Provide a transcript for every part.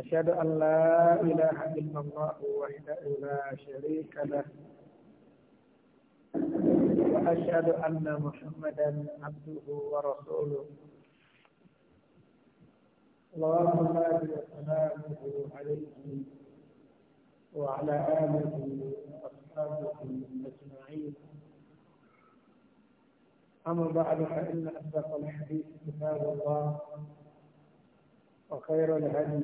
أشهد أن لا إله إلا الله وحده لا شريك له وأشهد أن محمدا عبده ورسوله اللهم صل وسلامه عليه وعلى آله وأصحابه أجمعين أما بعد فإن أصدق الحديث كتاب الله وخير الهدي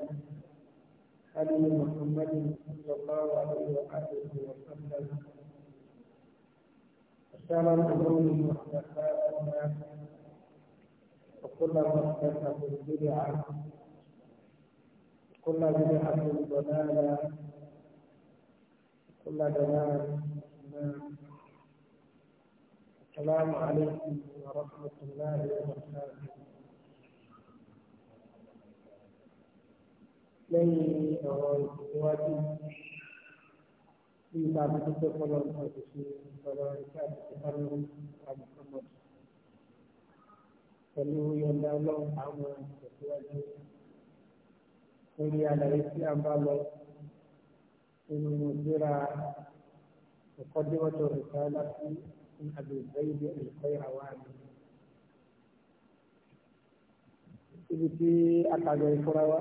علي محمد صلى الله عليه وآله وسلم وشر الأمور محدثاتها وكل محدثة بدعة وكل بدعة ضلالة وكل ضلالة السلام عليكم ورحمة الله وبركاته lẹ́yìn ọ̀rọ̀ ìwádìí bí ìta àti tó fọlọ́ nípa ìṣe ọ̀rọ̀ ìṣe àti ìṣẹ́kárí àbùkọ́mọ̀ pẹ̀lú yọ̀ǹda ọlọ́run àwọn ìtẹ̀síwájú lórí àlàyé tí a bá lọ nínú ìgbéra ẹ̀kọ́ déwọ́tò ìṣáálá sí àbẹ̀bẹ̀ ibi ẹ̀kọ́ ìràwọ̀ àmì. ibi tí a kàgbẹ̀ ìfúra wa.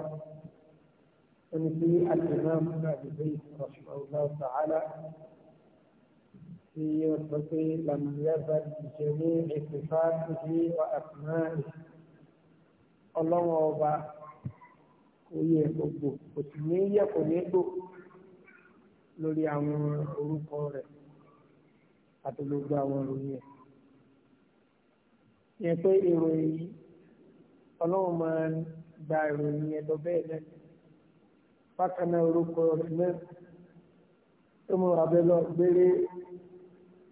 ونسي الإمام ابن أبي زيد رحمه الله تعالى في وصفه لم يزل بجميع صفاته وأسمائه الله أوبا oyè gbogbo kò sì ní yẹ kò ní gbò lórí àwọn orúkọ rẹ àti gbogbo àwọn ìròyìn ẹ yẹn pé ìròyìn yìí ọlọ́run máa ń gba ìròyìn ẹ̀ lọ bẹ́ẹ̀ lẹ́nu bákan náà orúkọ ọ̀sìnlẹ̀ tó mú abẹ́ lọ gbére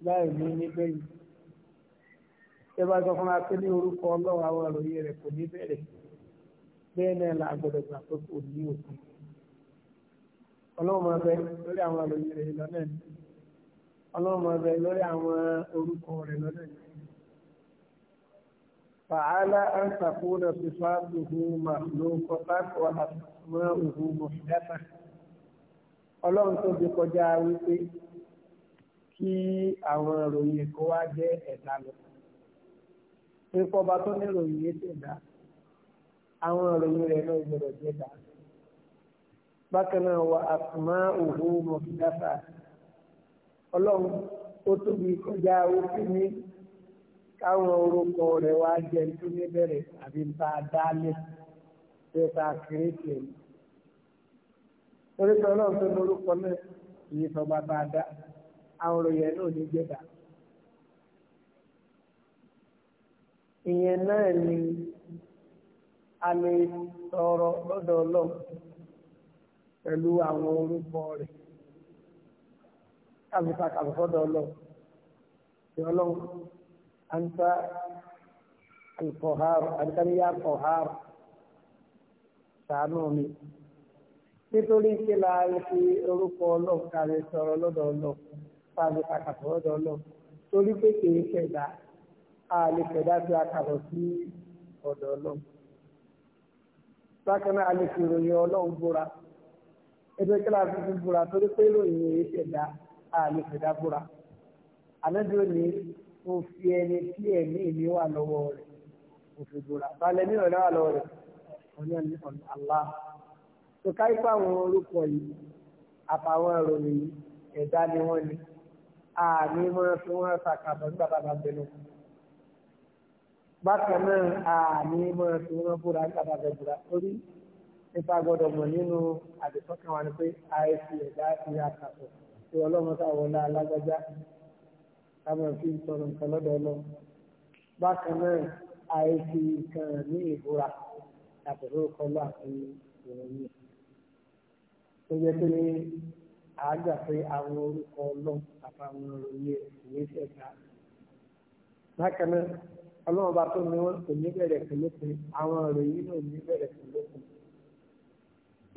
láì ní níbẹ̀ yìí. ṣé bá sọ fún wa pé ní orúkọ ọlọ́run àwọn àròyé rẹ̀ kò ní bẹ̀rẹ̀ bẹ́ẹ̀ náà la gbọ́dọ̀ gbà pé kò ní òkun. ọlọ́run máa bẹ lórí àwọn àròyé rẹ̀ lọ́nà ni máa bẹ lórí àwọn orúkọ rẹ̀ lọ́nà ni. فعلى أن تكون صفاته مخلوقة وأسماؤه محدثة ọlọ́run tó bí kọjá wípé kí àwọn ìròyìn kó wá jẹ́ ẹ̀dá lọ pípọ̀ ọba tó ní ìròyìn yé ṣẹ̀dá àwọn ìròyìn rẹ̀ náà gbọ́dọ̀ jẹ́ dá bákan náà wà asma'uhu muhdatha ọlọ́run ó tóbi kọjá wípé ní káwọn orúkọ rẹ̀ wá jẹ́ tó ní bẹ̀rẹ̀ àbí bá a dálé tó ta kìrìtì ẹ̀ torí pé ọlọ́run tó lórúkọ náà kìí sọba bá a dá àwọn òròyìn náà ní ìyẹn náà ni a lè sọ̀rọ̀ lọ́dọ̀ ọlọ́run pẹ̀lú àwọn orúkọ rẹ̀ káfíńtà kàfọ́dọ̀ ọlọ́run أنت القهار أنت يا قهار ṣàánúmi nítorí kí la fi orúkọ ọlọ́run kárẹ sọ̀rọ̀ lọ́dọ̀ ọlọ́run fáàbí kàkàtọ̀ lọ́dọ̀ ọlọ́run torí pé kìí ṣẹ̀dá a lè ṣẹ̀dá bí akàtọ̀ sí ọ̀dọ̀ ọlọ́run. bákan náà a lè fi ìròyìn ọlọ́run búra ẹgbẹ́ kí la fi fi búra torí pé ìròyìn yìí ṣẹ̀dá a lè ṣẹ̀dá búra. ànájú ni mo fi ẹni tí ẹ̀mí mi wà lọ́wọ́ rẹ̀ mo fi búra balẹ̀ mi ọ̀rẹ́ wà lọ́wọ́ rẹ̀ ọ̀nà ní ọ̀nà àlá tó káyí pa àwọn orúkọ yìí àtàwọn ìròyìn yìí ẹ̀dá ni wọ́n ni àmì wọn fi wọn ṣàkàbọ̀ nígbà bàbá bẹnu bákan náà àmì wọn fi wọn búra nígbà bàbá búra torí nípa gbọdọ̀ mọ̀ nínú àdìsọ́kàn wa ni pé àìsí ẹ̀dá ti àkàtọ̀ tí ọlọ́run táwọn ọlá alágbájá ká máa fi tọrọ nǹkan lọ́dọ̀ lọ bákan náà àìsí nǹkan ní ìbúra yàtọ̀ lórúkọ lọ àti ìròyìn tó yẹ pé àágbà pé àwọn orúkọ ọlọ́run àtàwọn ìròyìn ìwé ṣẹ̀dá bákan náà ọlọ́run bá tó ní wọn kò ní bẹ̀rẹ̀ pẹ̀lú pé àwọn ìròyìn náà ní bẹ̀rẹ̀ pẹ̀lú pé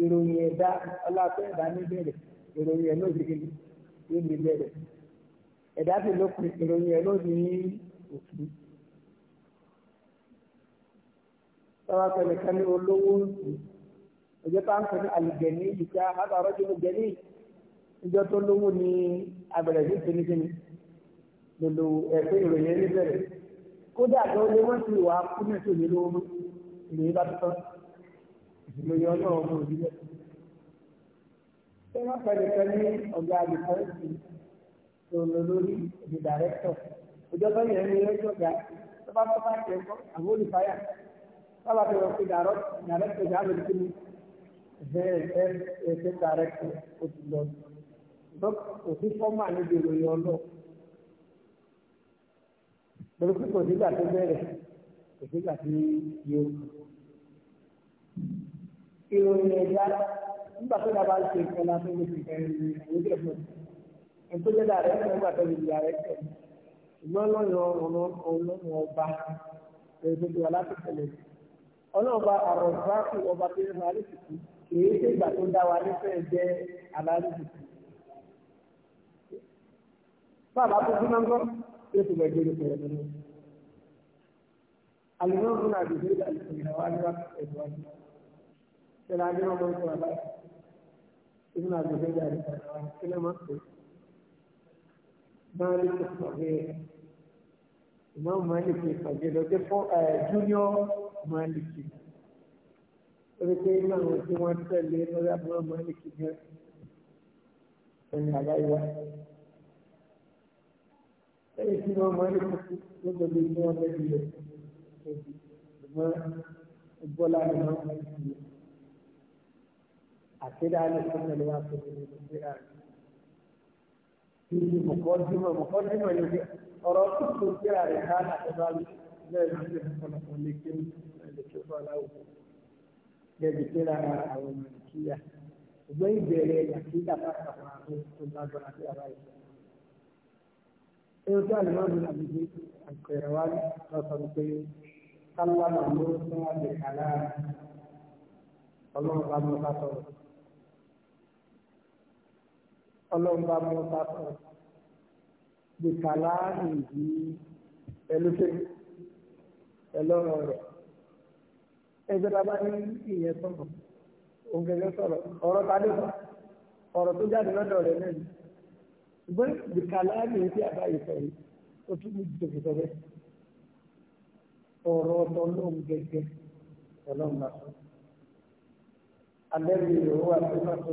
ìròyìn ẹ̀dá ọlọ́pẹ́ ẹ̀dá ní bẹ̀rẹ̀ ìròyìn ẹ̀ lóṣìṣẹ́ ní bẹ̀rẹ̀ ẹ̀dá sì ló pin ìròyìn ẹ̀ lóde ní òkú. Sọ́wọ́ pẹ̀lú kan ní olówó ń sùn. Ọjọ́ tá à ń pè ní àlùgẹ̀ní ìgbà àbárọ̀ jẹ́ gẹ̀ní. Ìjọ tó lówó ni abẹ̀rẹ̀ sí ti ní kíni. Lòlò ẹ̀fẹ́ ìròyìn ẹni bẹ̀rẹ̀. Kódà tó lé wọ́n sì wà kú ní ètò ìlú owó. Ìròyìn bá tọ́. Ìròyìn ọlọ́run ọmọ òbí bẹ̀rẹ̀. Sọ́wọ́ pẹ̀lú kan ní ọ̀gá àgbẹ̀kọ́ lọ́nà lórí the director ìjọba yẹn ní ẹjọ́ ga tó bá tó bá tẹ̀ ńkọ́ àwọn olùfàyà sábà tó yọ pé director jà lórí kí ni ẹ̀ẹ́dẹ́ director ó ti lọ kò sí fọ́mà níbi ìròyìn ọlọ́ọ̀ lórí pé kò sígbà tó bẹ̀rẹ̀ kò sígbà tí yóò ìròyìn ẹ̀dá nígbà tó dábàá ṣe ìkọlá tó lè fi ẹ̀rù ìròyìn ẹ̀dá ètò jẹ́ dàrẹ́ ẹ̀sìn nígbà tó lè dàrẹ́ ẹ̀sìn ṣùgbọ́n lọ́yọ̀ ọlọ́run ọba ẹ̀sìn tó wà láti tẹ̀lé ọlọ́run ọba àròsáàkù ọba tó yẹn aláríṣìkì kìí ṣe ìgbà tó dá wa nífẹ̀ẹ́ jẹ́ aláríṣìkì. bàbá tó dúná ńkọ́ yóò ti gbẹ̀jẹ̀ ní pẹ̀lú ẹ̀mí. àlùmọ́ fún àgbègbè ìdàgbàsókè wa ní wàá ẹ̀dùn wa Malik Fagir. Imam Malik Fagir ló dé fún eh, Junior Malik. Orí pé inú àwọn tí wọ́n tẹ̀lé lórí àbúrò Malik gan. Ẹni àbáyọ. Lẹ́yìn tí wọ́n Malik ló gbọdọ̀ ní wọn lẹ́bi rẹ̀. Ṣùgbọ́n ìgbọ́lá ni wọ́n Malik níbi mọ̀kọ́dúnmọ̀ mọ̀kọ́dúnmọ̀ yóò fi ọ̀rọ̀ tuntun tí a rẹ̀ ká àtẹ́bá bẹ́ẹ̀ ló ṣe ọ̀pọ̀lọpọ̀ lè ké lè ké fún aláwọ̀ gẹ̀ẹ́dì tí ra àwọn ọmọ ìkíyà ṣùgbọ́n ìbẹ̀rẹ̀ àkíyà pàtàkì àwọn tó lágbára sí ara rẹ̀. Ewu tí a lè máa ń àbíbí àgbẹ̀rẹ̀ wá lọ́sọ̀ pé kálá màmú fún àgbẹ̀kálá ọlọ́run bá mú bá sọ̀rọ̀ ọlọ́run bá mú ta fún ọ. Bìkàlá nìyí pẹ̀lú kéwì ẹlọ́run rẹ̀. Ẹgbẹ́ ta bá ní ìyẹn sọ̀rọ̀, òun gẹ́gẹ́ sọ̀rọ̀, ọ̀rọ̀ ta dé sọ̀rọ̀, ọ̀rọ̀ tó jáde lọ́dọ̀ rẹ̀ náà ni. Ṣùgbọ́n bìkàlá nìyí tí àbá yìí sọ̀rọ̀ ó tún ní ìdíje fi sọ Ọ̀rọ̀ ọ̀tọ̀ lóun gẹ́gẹ́ ọlọ́run Alẹ́ mi ò wà tó má tó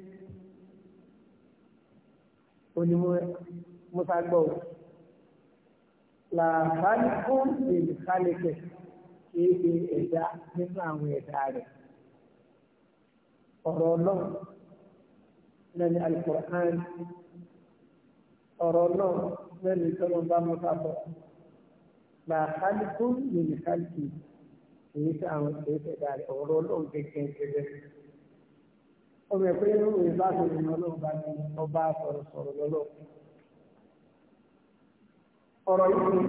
òní musa gbọ́ o làbáyé fún bèbè kálíkẹ̀ kìí ṣe ẹ̀dá nínú àwọn ẹ̀dá rẹ̀ ọ̀rọ̀ ọlọ́run náà ní alukur'an ọ̀rọ̀ náà náà ní sọ́lọ́ bá musa bọ̀ làbáyé fún bèbè àwọn ẹ̀dá rẹ̀ ọ̀rọ̀ ọlọ́run gẹ́gẹ́ gẹ́gẹ́ ọmọ ẹ̀kọ́ inú ìbáṣọ̀rọ̀ ni ọlọ́run bá ní ọba sọ̀rọ̀ sọ̀rọ̀ lọ́lọ́ ọ̀rọ̀ yìí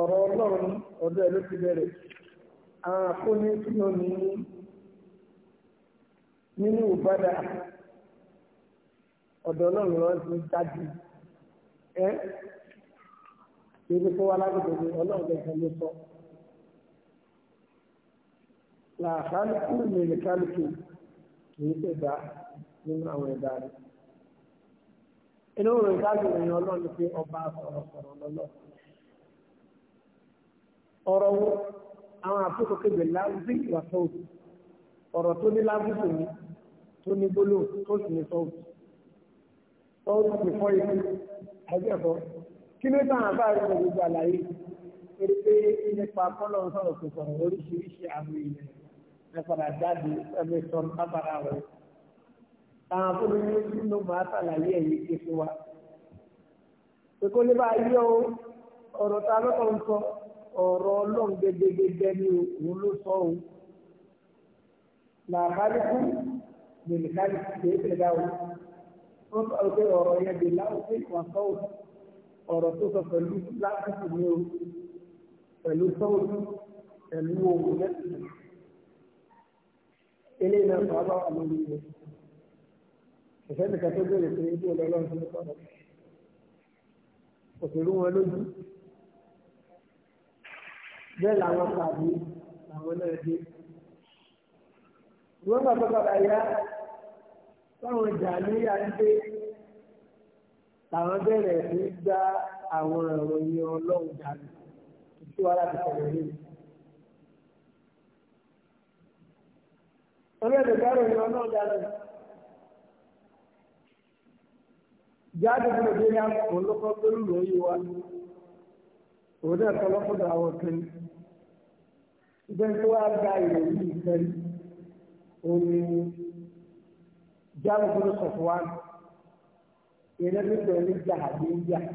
ọ̀rọ̀ ọlọ́run ọ̀dọ́ ẹ̀ ló ti bẹ̀rẹ̀ àwọn àkóní tí ó ní nínú ìbádà ọ̀dọ̀ ọlọ́run lọ́n ti jáde ẹ́ ebi tó wá lágbègbè ọlọ́run lẹ́sẹ̀ ló sọ làkàlùkù lè lè kálùkù kìí ṣẹ̀dá nínú àwọn ẹ̀dá rẹ̀. inú rẹ̀ dájú ìròyìn ọlọ́run pé ọba sọ̀rọ̀sọ̀rọ̀ lọ́lọ́. ọ̀rọ̀ wo àwọn àkókò kébè láwùjọ ìwà sọ́ọ̀tù ọ̀rọ̀ tó ní lábùkù ni tó ní gbólóhùn tó sì ní sọ́ọ̀tù sọ́ọ̀tù ti fọ́ ikú ẹgbẹ́fọ́ kí ló tàn án báyìí lọ gbogbo àlàyé pé pé nípa kọ́lọ́ sọ̀rọ̀ kò sọ̀rọ̀ oríṣiríṣi àwọn ilẹ̀ agbára jáde ẹgbẹ sọ̀rọ̀ agbára rẹ àwọn afúnni nínú màá sàlàyé ẹyẹ ké fún wa èkó ní bá yí ọ ọ̀rọ̀ ta lọkọ ń sọ ọ̀rọ̀ Ọlọ́run gẹgẹgẹgẹ ni òun ló sọ òun làbálẹkù nìkálí kìí ṣe dáwọ wọn sọ pé ọ̀rọ̀ yẹn dè láwùjọ ìwà sọwọ ọ̀rọ̀ tó sọ pẹ̀lú lásìkò ní o pẹ̀lú sọwọ pẹ̀lú owó lẹsìn eléyìí náà sọ abáwà lórí ìwé ìfẹ́ nìkan tó béèrè pé ibi ọ̀dọ́ ọlọ́run ti sọ̀rọ̀ kò sì rú wọn lójú bẹ́ẹ̀ làwọn pàdé làwọn náà dé wọ́n bá tó padà yá táwọn ìjà níyà ń làwọn bẹ̀rẹ̀ sí gba àwọn ìròyìn ọlọ́run dànù tí ti sọ̀rọ̀ yìí. orílẹ̀-èdè kẹrù ni ọ̀nà ọ̀dáná jáde fún òbí ní àpò lọ́kọ́ pẹ̀lú lóyè wa òun náà kọ́ lọ́kọ́dọ̀ àwọn kan ìgbẹ́ni tó wá gba ìròyìn ìfẹ́rí omi jáde fún òṣòfò wa ìrẹ́lẹ́ tó bẹ̀rẹ̀ ní jàdé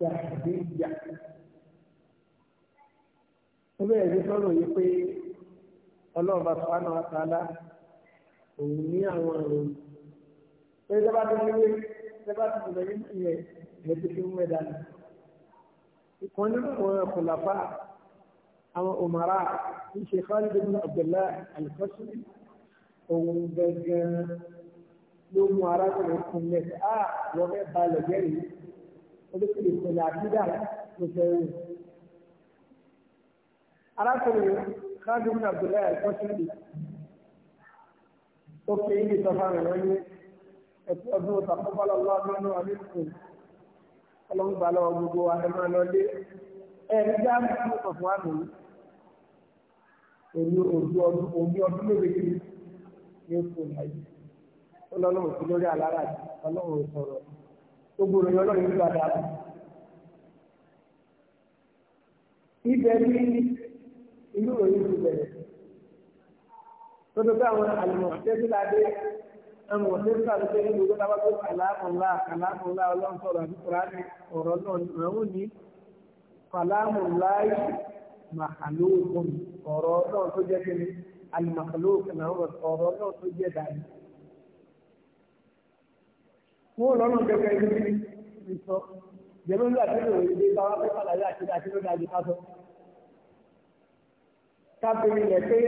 yá jàdé ó bẹ̀rẹ̀ ní sọ́nà yìí pé ọlọ́ọ̀bá sọ́nà àtàlá òun ní àwọn ọ̀rọ̀ pé tẹ́bá tó ní wé tẹ́bá tó tẹ̀lé ní ìyẹn ìyẹn tó fi ń wẹ̀ dání. ìkan nínú àwọn ọ̀kùnláfà àwọn òmàrà ń ṣe Khalid bin Abdullah al-Qasimi òun gẹ́gẹ́ ló mú arákùnrin kun lẹ́sẹ̀ á ah, wọ́n fẹ́ balẹ̀ jẹ́rìí olùkèrè ìpìlẹ̀ àbídà ló fẹ́ rìn. arákùnrin káàdì ibùdó abdullahi al-kọ́sílì ó pe ibi sọfà rẹ̀ wọ́n ní ẹ̀kú ọdún ìtàkùnfàlọ́ lọ́dún ọdún ọlọ́mùbá lọ́wọ́ gbogbo wa ẹ máa lọ lé ẹ̀rí já ní ọ̀sán wa nìyí èmi òbí ọdún òbí ọdún lóde kiri ní oṣù nàìjí ó lọ́lọ́run sí lórí àlára àti ọlọ́run sọ̀rọ̀ gbogbo ìròyìn ọlọ́run yóò gbàdá. ibẹ̀ ni inú òyìn ti bẹ̀rẹ̀. Tọ́tọ́ pé àwọn àlùmọ̀ tẹ́sílà dé ẹnu tẹ́sílà ló tẹ́lẹ̀ gbogbo tábà tó kàlámùlá kàlámùlá ọlọ́run sọ̀rọ̀ àti kùránì ọ̀rọ̀ náà ìrànwọ́ ní kàlámùlá màkàlóògùn ọ̀rọ̀ náà tó jẹ́ kíni àlùmàkàlóògùn ọ̀rọ̀ náà tó jẹ́ dàní. Wọ́n lọ́nà kẹ́kẹ́ ibi ní sọ. Jẹ́bí ń lọ àti ìròyìn dé bá wá fẹ́ kábìrì rẹ̀ pé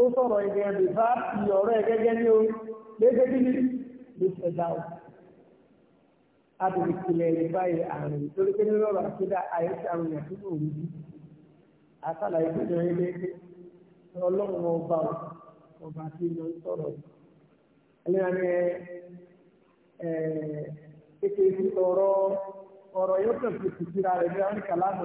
ó sọ̀rọ̀ ìdí ẹ̀dùn bá fi ọ̀rọ̀ ẹ̀ gẹ́gẹ́ ní o léṣe bí ní ló fẹ́ dá o. Abèrè ìpìlẹ̀ rẹ̀ báyìí àrùn torí pé nínú ọ̀rọ̀ àkídá àyẹ̀sí àrùn yẹn túbọ̀ òun bí. Àtàlàyé tó jẹ́ ilé ọlọ́run ọba ọba tí ló ń sọ̀rọ̀. Ẹlẹ́yà ni kékeré ọ̀rọ̀ ọ̀rọ̀ yóò kàn fi tìtìra rẹ̀ bí wọ́n ń kàlámù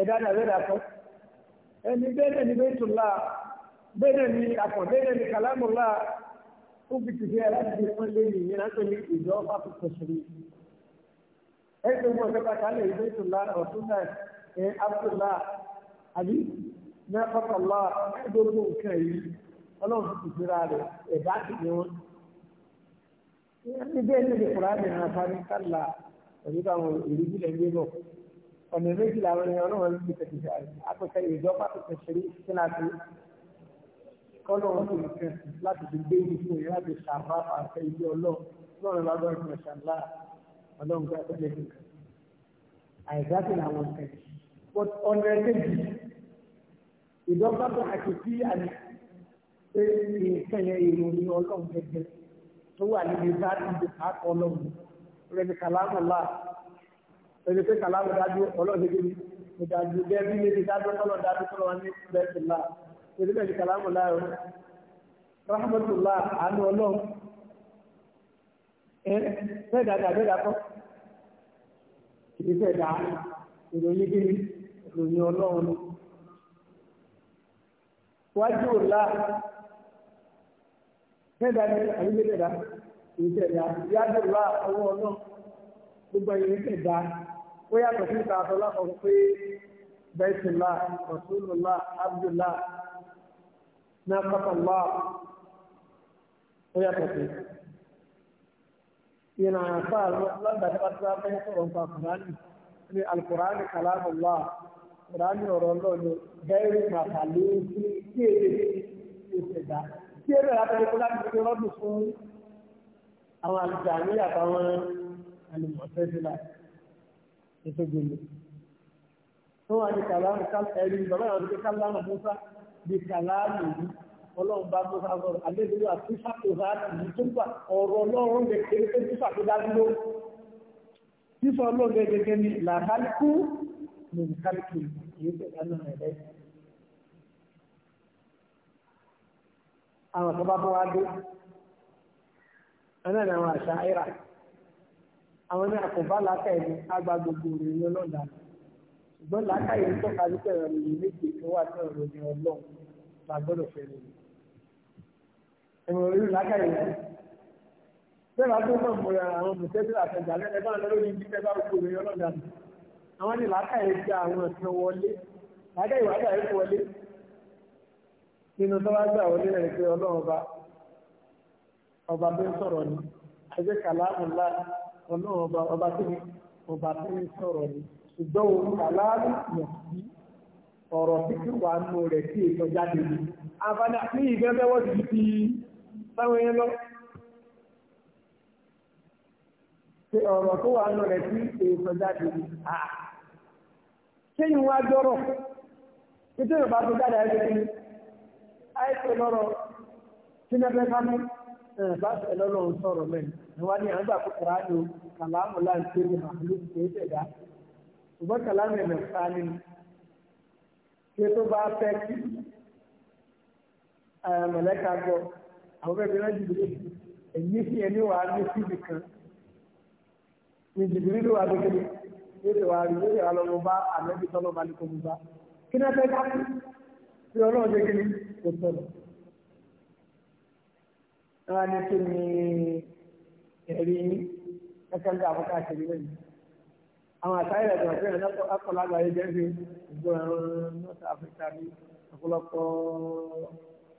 ẹ̀dá dàbẹ́dà kan ẹni bẹ́ẹ̀ ni bẹ́ẹ̀tùlá bẹ́ẹ̀ ni àpọ̀ bẹ́ẹ̀ ni kàlámùlá ó fi tìfẹ́ aláàbí wọn lé ní ìyẹn láti ní ìjọ fáfi kòsìrì ẹgbẹ́ wọn fẹ́ pàtàkì alẹ́ bẹ́ẹ̀tùlá ọ̀túnlá ẹ̀ abdulá àbí mẹ́fọ́kànlá gbogbo nǹkan yìí ọlọ́run ti tìfẹ́ra rẹ̀ ẹ̀dá sì ni wọn. ẹni bẹ́ẹ̀ ni ìdìkùrá mi ọ̀nà méjì làwọn ènìyàn náà ń gbé tẹ̀sí àpẹẹrẹ ìjọba pàtàkì ṣeré sínú àti kọ́nà wọn tó nìkan láti fi gbé ìlú fún ìyá àti ṣàbá àṣẹ ilé ọlọ́run lọ́run lágbọ́n ìfún ṣàlá ọlọ́run gbé àtẹ́lẹ̀ nìkan àìdá sí làwọn nǹkan but ọ̀nà ẹ̀kẹ́jì ìjọba pàtàkì sí àná pé nǹkan yẹn ìròyìn ọlọ́run gẹ́gẹ́ tó wà níbi bá ti dùn ká kọ́ ọlọ́run rẹ̀ ní kàlámù láà ẹni pé kàlámù dájú ọlọ́ọ̀dẹ kí ni mo dájú bẹ́ẹ̀ bí mi ti dájú tọ́lọ̀ dájú tọ́lọ̀ wá ní bẹ́ẹ̀ sì là èdè bẹ́ẹ̀ ni kàlámù láàrú rahmatullah àánú ọlọ́run ẹ bẹ́ẹ̀ dáadáa bẹ́ẹ̀ dáa kọ́ kìí fẹ́ dáa ìròyìn kí ni ìròyìn ọlọ́run ni wájú ọ̀la bẹ́ẹ̀ dáa ni àyíké dáa kìí fẹ́ dáa yájú ọ̀la ọwọ́ ọlọ́run gbogbo ẹ̀yẹ fẹ́ dáa ó yàtọ̀ sí ìta àtọ́lá kan pé bẹ́ẹ̀sìlá rasulùlá abdullah náà kọ́tọ̀lá ó yàtọ̀ sí. Ìnà àfà lọ́dà tí wọ́n ti wá fẹ́ sọ̀rọ̀ nípa Kùránì ní Alkùránì kàlámùlá Kùránì ọ̀rọ̀ lọ́dọ̀ bẹ́ẹ̀rù màkàlú sí kí èdè ìṣẹ̀dá. Kí èdè àtẹ̀lẹ́ kó láti fi rọ́dù fún àwọn àlùjáàmì àtàwọn àlùmọ̀tẹ́sílà ìṣègbèlè tó wà ní kàlámù ẹ̀rí bàbá yàrá wípé kàlámù Musa di kàlámù yìí ọlọ́run bá Musa sọ̀rọ̀ àlejò àti sàkóso àti tó gbà ọ̀rọ̀ ọlọ́run lè kéré pé sísà tó dájú ló sísọ ọlọ́run gẹ́gẹ́ ní làkàlùkù ní kàlùkù yìí bẹ̀rẹ̀ náà ẹ̀rẹ́ àwọn tó bá bọ́ wá dé ẹ̀rẹ́ ni àwọn àṣà ìrà àwọn ní àkọ́bá látàrí ní àgbà gbogbo ìròyìn ọlọ́dà ṣùgbọ́n látàrí ní tọ́ka wípé ìròyìn méje tó wà ní ìròyìn ọlọ́run la gbọ́dọ̀ fẹ́ lè rí ìròyìn látàrí rẹ̀ bẹ́ẹ̀ bá tó mọ̀ mọ́ àwọn mùsẹ́sì àtẹ̀jà lẹ́nu bá lọ́rọ́ ní ìdíkẹ́ bá gbogbo ìròyìn ọlọ́dà àwọn ní látàrí ti àwọn ẹ̀sán wọlé látàrí wàdà ẹ̀ wọlé nínú tó bá gbà wọlé rẹ̀ pé ọlọ́run ọba ọba tó ń sọ̀rọ̀ ni ẹgbẹ́ kàlámù láti ọlọ́run ọba ọba tó ní ọba tó ní sọ̀rọ̀ ni ṣùgbọ́n òun kàláàlú mọ̀ sí ọ̀rọ̀ títí wà nù rẹ̀ sí ètò jáde ni. àbádá ní ìgbẹ́fẹ́ wọ́n ti fi táwọn yẹn lọ. ṣe ọ̀rọ̀ tó wà nù rẹ̀ sí ètò jáde ni. ṣéyìn wá jọrọ̀ títí ìrọ̀bá tó jáde àìsàn lọ́rọ̀ sínú ẹgbẹ́ sámẹ́rì bá fẹ́ lọ́lọ́run sọ̀rọ̀ mẹ́rin wọ́n ní àgbà kó kàrá ní kàlámù láǹtí ní màálù kò é tẹ̀dá ṣùgbọ́n kàlámù ẹ̀mẹ̀ ká ní ṣé tó bá fẹ́ kí mọ̀lẹ́ka gbọ́ àwọn ẹgbẹ́ náà jìbìrì ẹ̀yìn sí ẹni wàá ní síbi kan ní jìbìrì ló wà gbẹgbẹ yóò ṣe wàá rí yóò ṣe wàá lọ mọ bá àmẹ́bí tọ́lọ́ bá ní kó mú bá kí náà fẹ́ ká sí ọlọ́run wọn ní kí ni ẹ̀rí ẹ̀kẹ́ ń dààmú káàkiri lẹ́yìn. àwọn àtàrí ẹ̀dọ̀ ọ̀fẹ́ rẹ̀ lọ́kọ̀ọ́lá àgbáyé jẹ́ fi gbogbo ẹ̀rọ north africa ní ọ̀pọ̀lọpọ̀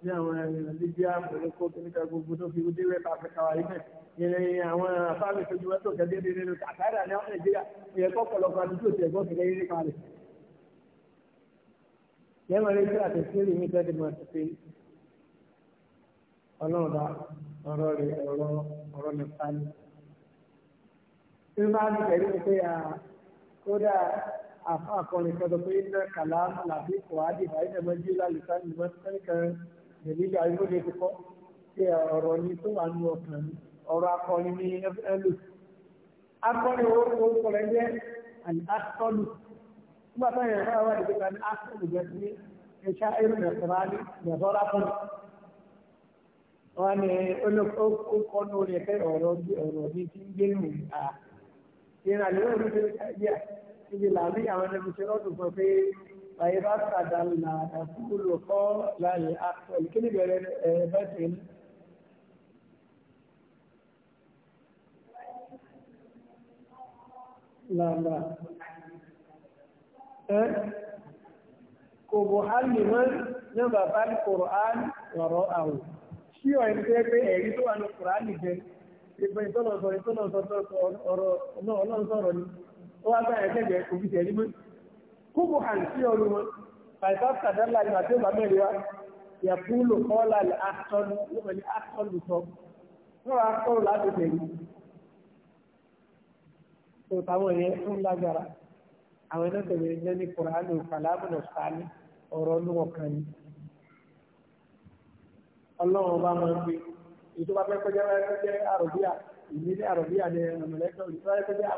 ní àwọn ẹ̀rọ libya morocco kìnnìkan gbogbo tó fi dé west africa wáyé náà ìrìn àwọn afáàmì tó ju wẹ́tò kẹ́dé dé nínú àtàrí àní àwọn nàìjíríà ìyẹn kọ́ ọ̀pọ̀lọpọ̀ àdúgbò tí ẹ̀gbọ́n kìlẹ̀ yín nípa rẹ̀. yẹ́n mọ̀ lé ọlọ́run bá ọ̀rọ̀ rẹ̀ ọ̀rọ̀ ọ̀rọ̀ mi pa ni. bí wọ́n bá ń tẹ̀lé pé kódà àfa àkọrin kọ́dọ̀ pé iná kàlá làbí kò á dì báyìí tẹ̀mọ́ jí lálùkà ní mọ́tẹ́nìkan nílò ayé lè fi kọ́ pé ọ̀rọ̀ ni tó wà nù ọkàn ni ọ̀rọ̀ akọrin ní ẹlò. akọrin owó tó ń kọrẹ jẹ́ àkọlù nígbà táyà ìfọwọ́ wà nígbà ní akọlù bẹ́ẹ̀ ní ẹ̀ṣá ẹ̀rù nẹ̀sọ̀rọ̀ wọ́n ní olókọ́ ní orí ẹ̀fẹ́ ọ̀rọ̀ bí ti ń gbénu à ìrìn àlè náà ló fẹ́ ṣáàjì à níbi làbí àwọn ẹni ṣe lọ́dún sọ pé bàyẹ̀ bá padà là ẹ̀kúrò kọ́ láyé àpọ̀ ìkéde bẹ̀rẹ̀ ẹ̀ bá ti ní. làlà ẹ kò bọ̀ hàn ní mọ́ ní bàbá Kùrán ọ̀rọ̀ àwọn kí ọ̀ ẹni tó yẹ pé ẹ̀rí tó wà ní kùránì jẹ ìgbẹ́ ìtọ́lọ̀sọ ìtọ́lọ̀sọ ọ̀rọ̀ náà sọ̀rọ̀ ni ó wá gbáyẹ̀ tẹ́jẹ̀ kò fi tẹ̀lé mọ́ kúbù hàn sí ọrú wọn àìsàn kàdánlá ìgbà tí ó bá mẹ́rin wá yẹ̀kúlò kọ́lá àtọ́lù lọ́pẹ̀ ní àtọ́lù sọ lọ́wọ́ akọ́rù láti tẹ̀lé tó táwọn yẹn tó ń lágbára àwọn ẹ̀dọ́ ní kùránì kàlámù ọlọ́run bá máa ń gbé èyí tó bá fẹ́ kọjá wáyé tó jẹ́ àròbíà ìní ní àròbíà ní ọmọlẹ́kọ̀ èyí tó wáyé tó jẹ́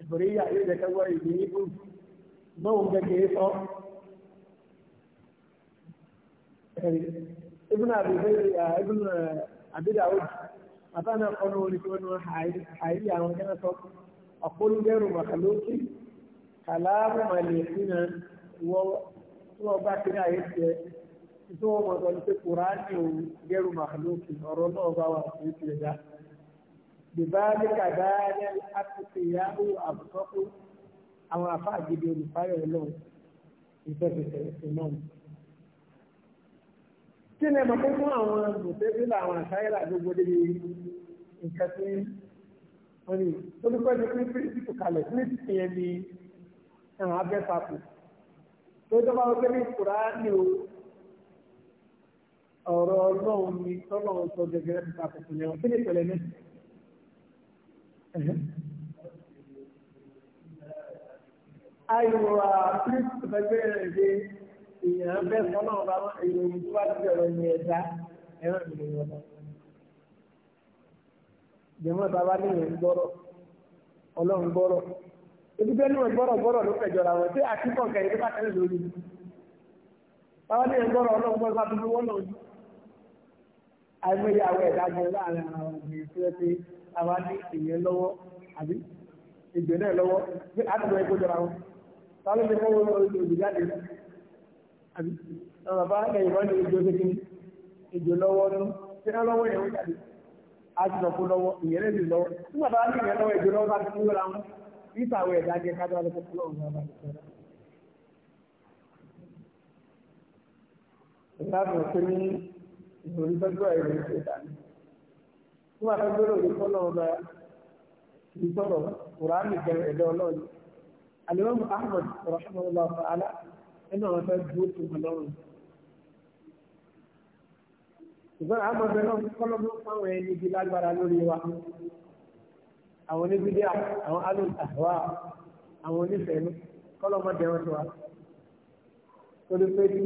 ìbòríyà yóò jẹ́ kẹ́wọ́ ìní ibú bóun gẹ́gẹ́ sọ. ibùnà ibùnà àbídàwò bàbá náà kọ́ ní orí tí wọ́n ní àìrí àwọn kẹ́nà sọ ọ̀pọ̀lùbẹ̀rù màkàlókì kàlámù màlẹ̀ sínú wọ́n bá kiri àyè tí wọ́n mọ̀ sọ ní pé kùránì ò gẹ́rù màlúùkì ọ̀rọ̀ náà bá wà fún ti ẹ̀dá. bìbáàlì kàdáàlì àtúnṣe ìyáwó àbùsọ́kù àwọn àfáà gidi olùfáyọ̀ ọlọ́run ìfẹsẹ̀fẹsẹ̀ náà. kí ni ẹ̀mọ̀ pé fún àwọn mùsẹ́bílà àwọn àṣáyẹ̀lá gbogbo débi nǹkan tí wọ́n ní olùkọ́ ní pé pírísìpù kalẹ̀ pírísìpù yẹn ni àwọn abẹ́pàpù tó dọ́gba wọ́n pé ní kùránì ò ọ̀rọ̀ ọlọ́run ni tọ́lọ́run sọ gẹ́gẹ́rẹ́ fún àkókò yẹn kí ni ìpẹ̀lẹ̀ náà àìwà kírísítọ̀fẹ́gbẹ́ ẹ̀dẹ́ èèyàn bẹ́ẹ̀ sọ́nà ọ̀rọ̀ àwọn ìròyìn tó bá ti bẹ̀rẹ̀ ní ẹ̀dá ẹ̀rọ ìròyìn ọ̀dọ́. jẹ̀mọ́ bàbá ní ìròyìn gbọ́rọ̀ ọlọ́run gbọ́rọ̀ ebi bẹ́ẹ̀ ní gbọ́rọ̀ gbọ́rọ̀ ló fẹ̀jọra wọn tí àtúntàn kẹ̀yìn tó bá tẹ̀lé lórí. bàbá ní ìròyìn gbọ́rọ̀ ọlọ́run gbọ́rọ̀ àìmọye àwọn ẹ̀dá gan láàrin ara wọn ní ìfẹ́ pé a máa ní ìyẹn lọ́wọ́ àbí ìgbẹ́ náà lọ́wọ́ pé a ti lọ ikú jọra wọn ta ló ti kọ́ wọn olùjáde àbí ọ̀rọ̀ bá ẹ̀yìn wọn ní ìjọ tó kíní ìjọ lọ́wọ́ nú tí wọ́n lọ́wọ́ ìyẹn jáde a ti lọ kó lọ́wọ́ ìyẹn lè lọ́wọ́ nígbà bá ní ìyẹn lọ́wọ́ ìjọ lọ́wọ́ bá ti kú lọ́ra wọn àwọn ẹ̀dá jẹ ká dá ìròyìn tọ́jú àìròyìn tó dání. Tí wàá tọ́jú lórí fọ́nà ọba ìtọ́rọ̀ Kùránì jẹ ẹ̀dọ́ ọlọ́ọ̀ni. Àlùmọ́mù Ahmad rahimahullah ta'ala ẹnu àwọn fẹ́ dúró tó wọn lọ́rùn. Ṣùgbọ́n Ahmad náà kọ́lọ́ mú fáwọn ẹni bí lágbára lórí wa. Àwọn oníbídíà, àwọn alùn àwa, àwọn onífẹ̀ẹ́nu, kọ́lọ́ mọ́ dẹ̀wọ́n tó wa. Torí pé kí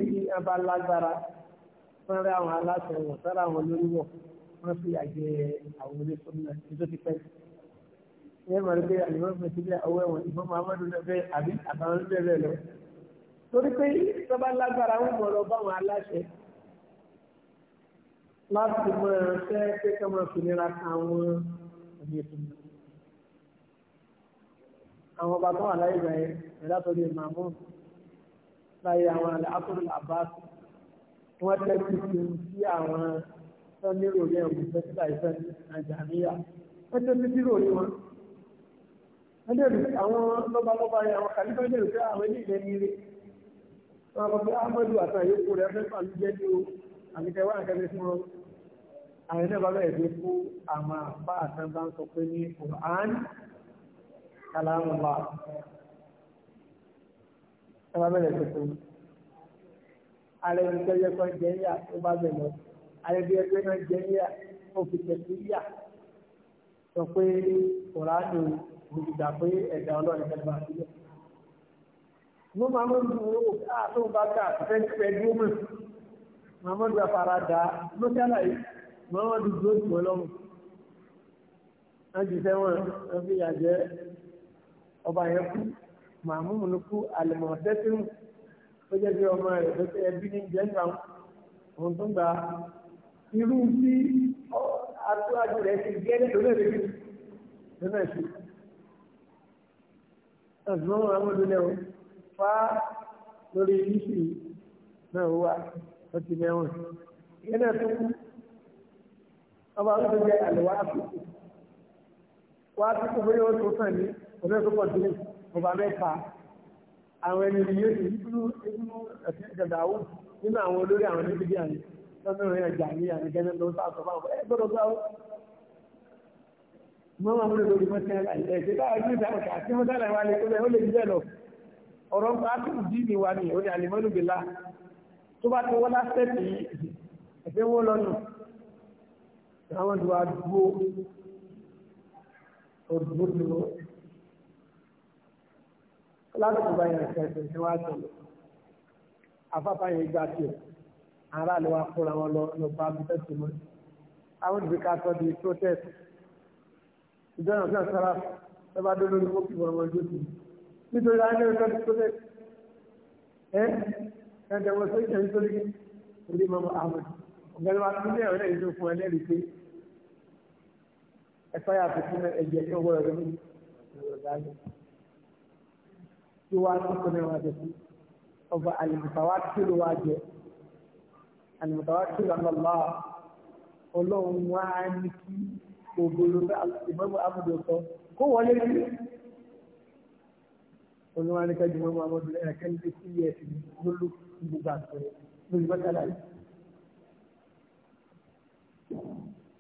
wọ́n rẹ́ àwọn aláṣẹ wọ̀ sára àwọn olórí wọ̀ wọ́n fi àjẹ àwọn olórí sọ́nà tó ti pẹ́. ìyẹn mọ̀ ní pé àyẹ̀wò fún ti bí ọwọ́ ẹ̀wọ̀n ìbọn muhammadu lẹ́fẹ́ àbí àbáwọn bẹ́ẹ̀ lọ. torí pé sọ́ba lágbára ń mọ̀ lọ báwọn aláṣẹ láti mọ ẹ̀ránṣẹ́ pé ká máa fi nira ka àwọn ọ̀dẹ̀ ìfúnni. àwọn ọba tó wà láyé rẹ̀ ẹ̀dá tó wọ́n tẹ́tí sí sí àwọn sọ́nírò yẹn òun fẹ́sílà ìfẹ́ nàìjíríà wọ́n tẹ́tí sí rò ní wọn. wọ́n dẹ̀rù àwọn lọ́balọ́ba yẹn àwọn kàlífà dẹ̀rù pé àwọn ilé ìlẹ̀ nílé. wọ́n kọ́ pé amadu àtàwọn yòókù rẹ̀ fẹ́fà ló jẹ́ ní o àbíkẹ́wà àkẹ́lẹ́ fún wọn. àwọn iná bàbá ẹ̀dẹ́ fún àmà bá àtàn bá ń sọ pé ní Quran kàlámù bá. ẹ bá bẹ̀rẹ̀ tuntun ààrẹ ìjọyẹ kan jẹ ń yà ó bá bẹ̀ lọ ààrẹ ìjọyẹ pé náà jẹ ń yà ó fi tẹ̀sí yà sọ pé kòránù olùdà pé ẹ̀dá ọlọ́run fẹ́ bá sílẹ̀. mo máa mọ́ ju owó àtó bá kà fẹ́ fẹ́ dúró mọ̀ mọ́mọ́dù afárádá ló ṣàlàyé mọ́mọ́dù dúró jù ọlọ́run wọ́n ti sẹ́wọ̀n wọ́n fi yà jẹ́ ọba yẹn kú màmúmù ló kú àlùmọ̀ọ́dẹ́sìmù tó jẹ́ bí ọmọ rẹ̀ tó tẹ́ ẹbí ní jẹ́ńdà òun tó gba irú tí atúwájú rẹ̀ ti gẹ́ lórí ẹ̀rẹ́ bí lọ́nà ẹ̀sìn. Ẹ̀sùn ọmọ àwọn olùlẹ̀ o fa lórí ìṣì náà wá ó ti mẹ́wọ̀n. Ìyẹn náà tó kú ọba ọdún jẹ́ àlùwá àfikù. Wá àfikù bóyá ó tó sàn ní ọdún tó pọ̀ sílẹ̀ ọba mẹ́ta àwọn ẹni rí yóò ìbúrú ìbúrú ẹ̀sìn ìjọdàwó nínú àwọn olórí àwọn ẹni bíbí àní lọ́nà rẹ̀ ẹ̀jà ní àní gẹ́gẹ́ lọ sáà sọ fáwọn ẹ gbọ́dọ̀ gbá ó. mọ́ àwọn olórí lórí mọ́tí ẹ̀rọ àìlẹ́ ẹ̀jẹ̀ báyìí ní ìdáhùn kà sí mọ́tí àlàyé wa lè kó bẹ́ẹ̀ ó lè jí bẹ́ẹ̀ lọ. ọ̀rọ̀ ń pa tún dí ni wa ni ó ní àlìmọ́nù bìlá tó bá ti wọ́lá sẹ́ẹ̀tì ẹ̀fẹ́ wọ́n lọ́nà àwọn ìwà dúró láti gba ìrìn kẹsìn tí wọ́n á tẹ̀lé afáfá yẹn gba tiẹ̀ ara lè wá kóra wọn lọ lọ bá bí tẹ̀sí mọ́ àwọn òdìbí ká tọ́ di protest ìjọba náà sára ẹ bá dé lórí mọ́kì bọ̀rọ̀ wọn lójú nítorí láti lè tọ́ di protest ẹ ẹ dẹ̀wọ̀n sí ìṣẹ̀lẹ̀ nítorí orí mọ́mọ́ ahmed ọ̀gbẹ́ni wa ti ní ẹ̀rọ náà yìí fún ẹ lẹ́rìí pé ẹ̀fọ́ yà fi fún ẹ̀jẹ̀ tó wọ́ ẹ̀rọ mi tí wàá tọ́kọ náà wá jẹ sí ọba àlùmùtàwákìlù wá jẹ àlùmùtàwákìlù àlọ́lá ọlọ́run wá ní kí gbogbo lóṣà ìmọ̀mọ́ amúdò sọ kó wọlé sí olùwà ní kájú mọ́mọ́ amúdò ẹ̀kẹ́ ní sí us lólu gbogbo àpẹẹrẹ lórí mọ́tàlá yìí.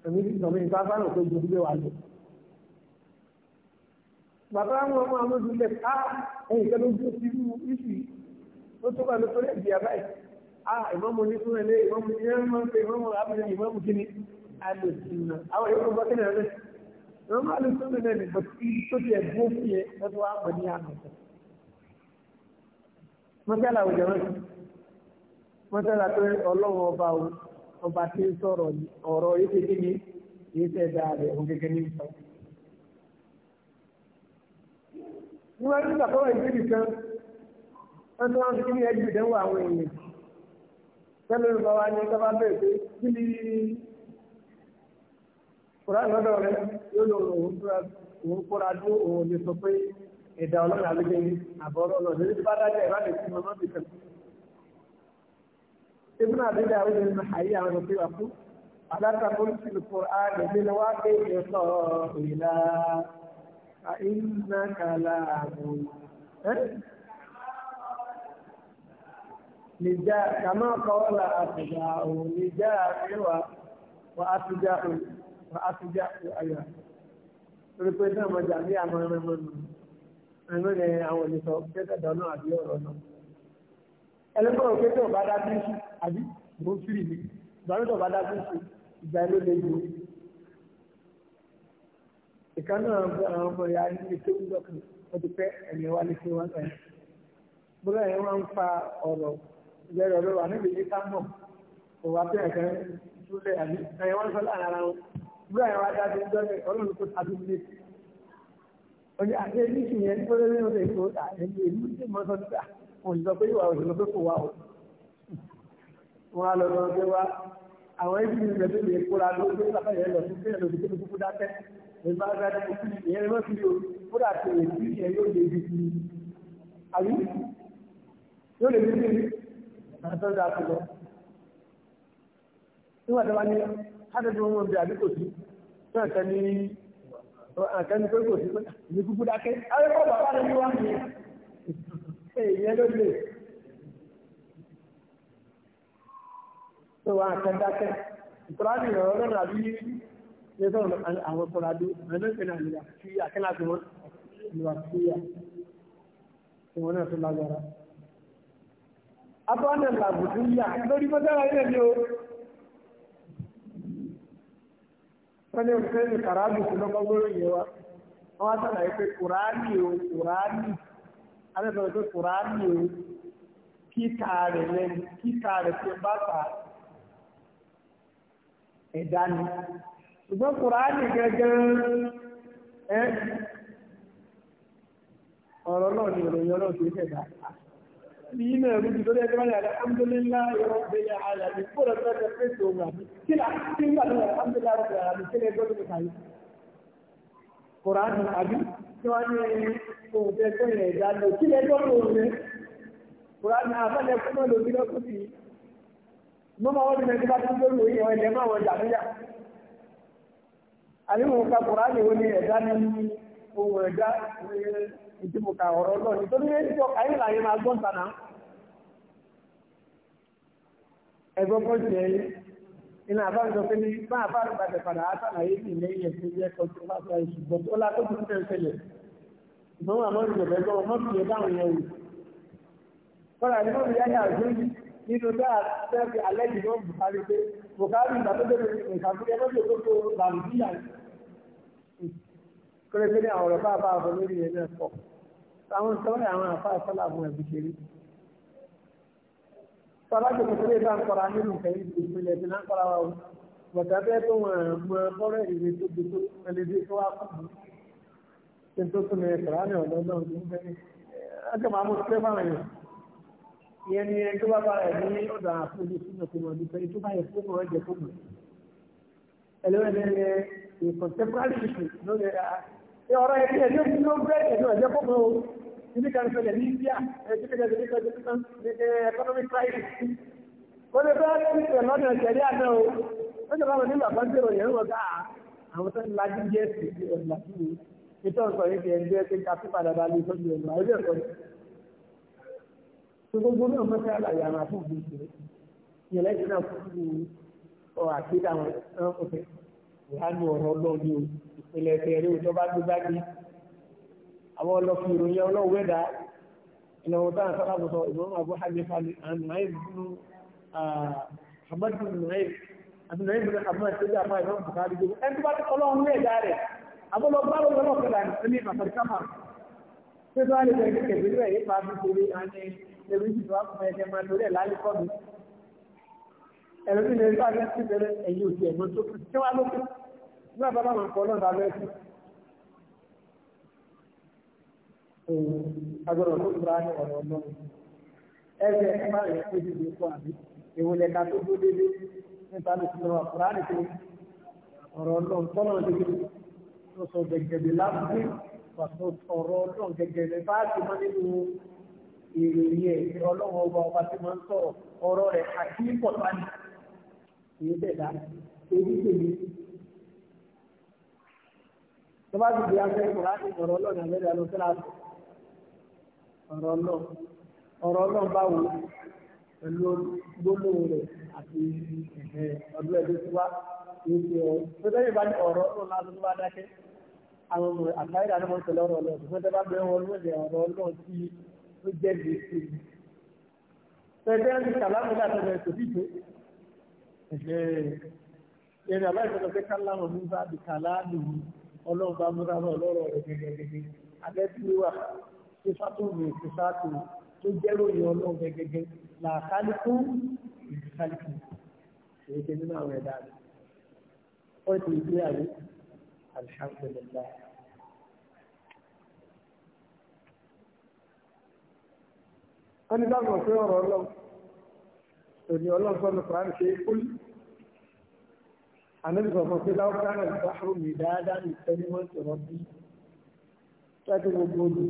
èmi ní sọ̀rọ̀ ìfáfáàrọ̀ tó gbogbo wà lọ bàbá àwọn ọmọ àwọn olùlẹ̀ ká ah, ẹ̀yìn kan ló dúró sí irú ìsì tó tó bá lóko lẹ́ẹ̀dì àbáyé a ah, ìmọ̀mù ní fún ẹlẹ́ ìmọ̀mù ní ẹ̀rọ máa ń pe ìmọ̀mù abúlé ìmọ̀mù kíni alòsùnà àwọn yòókù bọ́ kíni ẹ̀rọ ìmọ̀mù alòsùnà náà ní bọ̀tí tó ti ẹ̀dúró sí ẹ lọ́tọ́ wa pẹ̀ ní àná mọ́tẹ́lá òjò rẹ̀ mọ́tẹ́lá pé ọlọ́run ọba ọba tí ń sọ̀rọ̀ ọ̀rọ̀ yìí ti kí ni yìí tẹ̀ dáa rẹ̀ òun gẹ́gẹ́ ní ìsọ̀rọ̀ ní wọ́n ní ìgbàkọ́wọ́ ìgbìdì kan wọ́n tó wọ́n ti kí ní ẹgbì ìdánwò àwọn èèyàn tẹ́lẹ̀ ló bá wá ní ọjọ́ bá bẹ̀rẹ̀ pé kí ni kùrán lọ́dọ̀ rẹ yóò lọ òun kóra dúró òun lè sọ pé ẹ̀dá ọlọ́run àlejò yìí àbọ̀rọ̀ ọlọ́run lórí bá dájọ́ ìbá lè fi mọ́ mọ́ bìkan. ibùdó àdéjà àwọn ènìyàn àyè àwọn òfin wà fún alátakó إنك لعبد نجاء كما قال أفجاء نجاء وأفجاء وأفجاء أيها torípé náà mo jà ní àwọn ẹran mọ́nu ẹran ni àwọn olùsọ kẹ́kẹ̀dọ̀ náà àbí ọ̀rọ̀ náà ẹlẹ́gbọ́n òkè tó bá dá bí àbí mo ń fìrì mi ìgbà tó bá dá ìkànnì àwọn ọmọ ìyá ní ètò ìjọ kan ó ti pẹ́ ẹ̀mí wa lè fi wọn ẹ̀ bóyá ẹ̀ wọ́n ń fa ọ̀rọ̀ ìjẹ́rọ̀ ló wà níbi yíká mọ̀ kò wá pé ẹ̀kẹ́ túlẹ̀ àbí ẹ̀yẹ wọ́n sọ láàrin ara wọn bóyá ẹ̀ wá dájú ń jọ́lẹ̀ ọlọ́run tó tàbí ilé ó ní àti ẹbí sì yẹn àwọn ẹbí mi rẹ̀ tó lè kóra lójú lápá yẹn lọ sí sílẹ̀ lòdì tó kúkú dákẹ́ nígbà bá dá kú ìyẹn lọ sí o kódà tó lè sí ìyẹn yóò lè di ti àbí yóò lè di ti àtọ́jà tó lọ. nígbà tó bá ní hádẹ́dù wọn bí àbí kò sí náà kẹ́ ní àkẹ́ ní pé kò sí ní kúkú dákẹ́. àwọn ẹ̀kọ́ bàbá rẹ̀ ní wá ní ìyẹn ló tó wà kẹdákẹ́ ìkọ́lájì ìrọ̀rọ̀ lọ́rọ̀ àbí yẹ́sọ̀ àwọn ìkọ́lájì ẹ̀lẹ́sẹ̀ náà lè fi àkẹ́lá tí wọ́n lè fi yà tí wọ́n náà tó lágbára. Abọ́nà làbùdú yà lórí mọ́tàrà ilẹ̀ ni ó. Wọ́n ní òṣèré ní Kàràbù sí lọ́kọ́ gbóró yẹ wa. Wọ́n wá sọ̀rọ̀ pé Kùránì o, Kùránì. Abẹ́sọ̀rọ̀ pé Kùránì o, kíkà rẹ̀ lẹ́nu, kíkà rẹ̀ tí ó bá kà á ẹ̀dá ni ṣùgbọ́n kùránì gẹ́gẹ́ ẹ́ ọ̀rọ̀ náà ni ìròyìn ọlọ́run ti ṣẹ̀dá ní inú ẹ̀rú ti tó lẹ́gbẹ́ wáyé alhamdulilá yọrọ bẹ́yà ara mi kó lọ sọ́dọ̀ fèsì ohun àmì kí là kí ń gbàdúrà alhamdulilá rẹ̀ ara mi kí lè gbọ́dọ̀ mi kàyé kùránì àbí tí wọ́n ní ohun tẹ́ kí lè mọ́mọ́ wọ́n ti mẹ́tí bá tún lórí òye ẹ̀wọ̀n ẹ̀jẹ̀ máa wọ ìjà níyà àlébù ka kùrá lè wọlé ẹ̀dá ní ohun ẹ̀dá eh, ìdìbò ka ọ̀rọ̀ lọ nítorí ẹni tó káyé láyé máa gbọ́n tànà ẹgbọ́n pọ̀ sí ẹ̀yìn iná àbá ìjọ pé ní máa bá ìgbàdẹ̀ padà átàlàyé ní ilé ìyẹn tó yẹ kọ́ tó bá sọ ìṣùgbọ́n tó lá tó tún fẹ́ ṣẹlẹ̀ ìgbọ́n àmọ́ ìjọba ẹgbọ́n ọmọ fi ẹ̀dá àwọn yẹn wò kọ́lá ní wọ́n fi yáyà àgbóyìn nínú dáadáa fi alẹ́ yìí lọ́n Buhari pé Buhari ìgbà tó bẹ̀rẹ̀ ìkàkúrẹ́ lọ́dún tó tó bàrùdíyà kọ́lé pé ní àwọn ọ̀rọ̀ bá bá ọ̀rọ̀ lórí ẹ̀ náà pọ̀ àwọn sọ́rọ̀ àwọn àfáà sọ́là àwọn ẹ̀bí ṣeré sọ́lá tó kò sílé bá ń kọ́ra nínú nǹkan yìí ìpínlẹ̀ tí náà kọ́ra wa o bọ̀tà bẹ́ẹ̀ tó wọ́n mọ bọ́rọ̀ ìwé tó di tó ẹlẹ́dẹ́ tó wá kù kí n tó tún ẹ̀ kọ́ra ní ọ̀dọ́ náà ló ń bẹ́ẹ̀ ìyẹn ni ẹni tó bá bá rẹ̀ ní ọ̀dọ̀ àfúnni sínú kò mọ̀ nípa ẹni tó bá yẹ fún ọ̀rọ̀ ẹ̀jẹ̀ fún mi. ẹlẹ́wẹ̀n ni ẹ contemporary issue lórí ẹ ọ̀rọ̀ ẹ̀jẹ̀ ẹ̀jẹ̀ ló fi ló gbé ẹ̀jẹ̀ fún mi o kan fẹlẹ̀ ní India ẹ̀jẹ̀ kẹjẹ ẹ̀jẹ̀ kẹjẹ kẹjẹ economic crisis. ó lè fẹ́ ẹ̀jẹ̀ lọ́dọ̀ ẹ̀jẹ̀ rí àná o ó jọba wọn ní bàbá ń bèrò yẹn wọn káà àwọn tó ń lajú jẹ́ ẹ̀sìn ìtọ́sọ̀ yìí ti ẹ̀jẹ̀ kẹjẹ àti padà balẹ̀ ìtọ́jú gbogbo náà mọ́tí àlàyé àwọn àfún òbí ìṣòro ìyẹ̀lẹ́ ti náà fún ọ àkéde àwọn ọ̀fẹ́ ìhánú ọ̀rọ̀ ọlọ́ọ̀ni o ìpìlẹ̀ ẹ̀fẹ̀rẹ̀ òjò bá gbé gbági àwọn ọlọ́fi ìròyìn ọlọ́wọ́ ẹ̀dá ìnáwó táwọn sábàbọ̀sọ ìmọ̀ràn àbú hajjifa ni àmàlẹ́ ìbùnú àmàdùn nùhẹ́ àti nùhẹ́ ìbùnú àmàlẹ́ ìṣẹ́jú àmà ìmọ̀ràn bùkárí gbogbo ẹni tó bá ti kọ́lọ́ ọ̀hún ẹ̀dá rẹ̀ àbọ̀lọ́ bá lọ́wọ́ ọ̀kadà ní ìfàkàrí ẹ̀rọ ìjì tó wá fún ẹ̀kẹ́ máa lórí ẹ̀ lálẹ́kọ́ mi ẹ̀rọ ìjì lórí wájú sí bẹ̀rẹ̀ ẹ̀yìn òsì ẹ̀mọ́ tó kù tí wọ́n á lókè ní àbá máa kọ́ náà lábẹ́ sí. agbọ̀dọ̀ tó kura ní ọ̀rọ̀ ọlọ́run ẹgbẹ́ ẹ má rẹ̀ pé ti dùn fún àbí èwo lẹ́ka tó dó dédé nípa lè fi lọ́wọ́ kura ní pé ọ̀rọ̀ ọlọ́run tọ́lọ́ tó sọ gẹ̀gẹ̀ bí lábúgbé pàtó ọ̀rọ̀ ọlọ́run gẹ̀gẹ̀ ìròyìn ẹ̀ ọlọ́run ọba ọba tí wọ́n ń sọ̀rọ̀ ọ̀rọ̀ rẹ̀ àti pọ̀tà ni èyí bẹ̀dá èyí tèmi. tó bá ti di afẹ́ ìkọ̀ láti ọ̀rọ̀ ọlọ́run àbẹ́rẹ́ alọ́sẹ́lá ọ̀rọ̀ ọlọ́run ọ̀rọ̀ ọlọ́run báwo pẹ̀lú gbólóhùn rẹ̀ àti ọdún ẹ̀dọ́ tí wá ní ti ọ̀ tó tẹ́lẹ̀ bá ní ọ̀rọ̀ ọlọ́run láti tó bá dákẹ́ àwọn àtàrí ló jẹ́ gbèsè mi. Pẹ̀lú ẹni kàlámù láti ọ̀dọ̀ ẹ̀sọ́ díje. Ẹ̀rẹ̀ àbáyọ̀sọ̀ pé kálámù mi bá di kàlámù mi, ọlọ́run bá múra náà lọ́rọ̀ rẹ̀ gẹ́gẹ́gẹ́gẹ́. Àbẹ́tí wà sísá tó rè sísá tó tó jẹ́ ròyìn ọlọ́run gẹ́gẹ́gẹ́ làkálíkú ìdíkálíkú. Èyí ti nínú àwọn ẹ̀dá rẹ̀. Wọ́n ti ìgbéyàwó, alihamudulilayi. wọ́n ní dáhùn pé ọ̀rọ̀ ọlọ́run òní ọlọ́run sọ́nù kan ṣe é kúlù ànábì sọ̀kan pé láwùjọ náà lè bá rò mí dáadáa ní tẹ́límọ́tì rọ́bí tẹ́tí gbogbo odò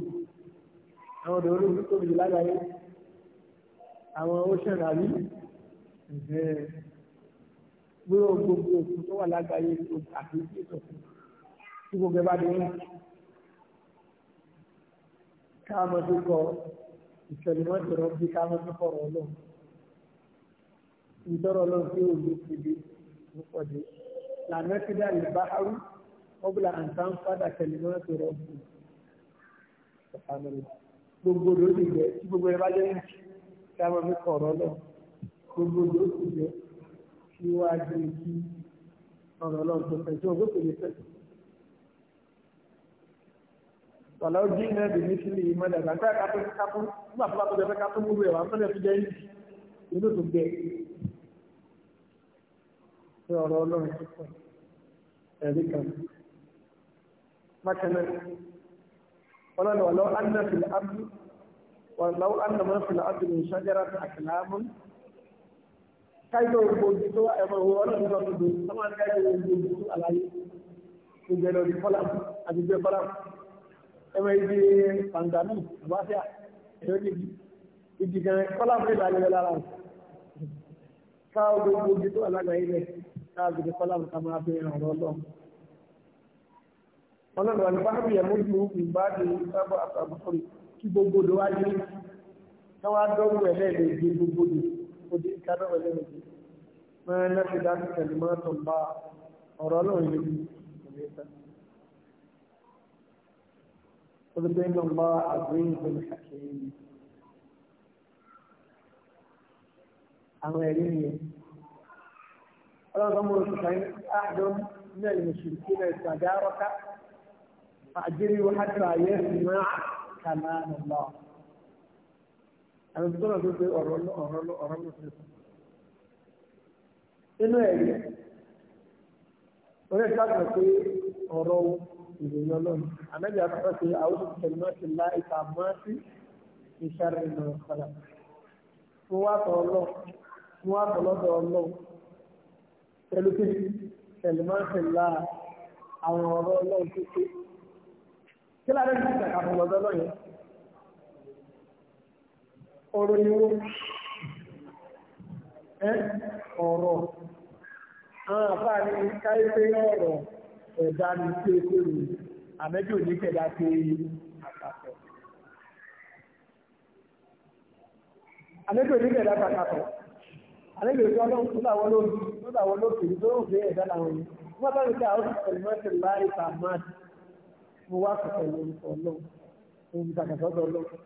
àwọn odò olóògùn tóbi jù lágbàáyé àwọn ocean àbí gbúrò gbogbo òkú tó wà lágbàáyé àti ìṣètò tí gbogbo ẹ bá dé ká mọ̀ tó kọ́ ìṣẹ̀lẹ̀mọ́ ìṣòro bí ká mọ́ tó fọ̀rọ̀ ọlọ́run ìtọ́rọ̀ ọlọ́run tí ó lè fi dé ló pọ̀ dé lànà tí dá lè bá arú ọ̀bùlà àǹtá ń padà ṣẹ̀lẹ̀mọ́ ìṣòro bí gbogbo ló lè jẹ tí gbogbo ẹ bá jẹ ní ká mọ́ mi ọlọ́run gbogbo ló sì jẹ kí wá jẹ kí ọ̀rọ̀ ọlọ́run tó fẹ́ tí wọ́n gbé wàlá ó jí náà bìí kata-kata mọ́lẹ̀ àgbà ká tó kata tó nígbà tó bá tó jẹ́ ká tó múlò ẹ̀ wà fẹ́lẹ̀ fi jẹ́ yìí inú tó gbẹ. ṣé ọ̀rọ̀ ọlọ́run ẹ̀rí kan mákànnà anda mana anna fìlà abdu wàlá anna mọ́ fìlà abdu ní ṣájára àkàlámù káyọ̀ ògbógi tó ẹ̀mọ̀ ìwé ọlọ́run lọ́dún tó sọ́mọ́ káyọ̀ ògbógi tó àlàyé gbogbo ẹ̀ lọ́dún ẹwẹ́ ibi pàǹdàmù àbáfíà ẹ̀yọ́ níbi ìdí gan kọ́lá fún ìlànà ìlẹ̀ lára ká gbogbo ojú tó alága ilẹ̀ ká gbogbo kọ́lá fún kàmá fi ràn ọ̀rọ̀ lọ. ọlọ́dọ̀ ní báàbí ẹ̀mú ju ìbáàdì sábà àbúkọ̀rì kí gbogbo odò wá dé ká wá dọ́rù ẹ̀ lẹ́ẹ̀lẹ́ ìdí gbogbo odò odò ìkádọ́ ẹ̀ lẹ́ẹ̀lẹ́ mọ́ ẹ̀ lẹ́sẹ̀ dájú tẹ̀lé mọ́ ọ̀rọ̀ ọlọ́run yìí kò ní قل إن الله عزيز حكيم أولي الله أمر الحسين أحد من المشركين استدارك أجري حتى يسمع كلام الله أنا أقول لك أرول أرول أرول أرول أرول أرول أرول أرول ìròyìn ọlọ́run ànábì àkọ́kọ́ ṣe àwọn ìṣẹ̀lẹ̀ náà ti la ìta mọ́ sí ìṣàrẹ̀ ìmọ̀ràn kọlà fún wa tọ̀ ọlọ́run fún wa tọ̀ lọ́dọ̀ ọlọ́run pẹ̀lú kí ìṣẹ̀lẹ̀ máa ń ṣe la àwọn ọ̀rọ̀ ọlọ́run tó ṣe kí ládé ti ṣàkà fún lọ́dọ̀ lọ́yẹn ọ̀rọ̀ ìwọ ọ̀rọ̀ àwọn àfáà ní káyé ọ̀rọ̀ ẹ̀dá ni pé kóru àmẹ́jọ ní kẹ̀dá pé àpapọ̀. àmẹ́jọ ní kẹ̀dá pàpapọ̀ àlejò ìjọ ọlọ́run tó láwọn lórí tó láwọn lókè tó rò pé ẹ̀dá làwọn yìí wọ́n bá rí ká àwọn ìpẹ̀lẹ́mọ́tì láì ta máàdì mo wá pẹ̀lú orúkọ ọlọ́run ohun ìtàkàtọ́dọ̀ ọlọ́run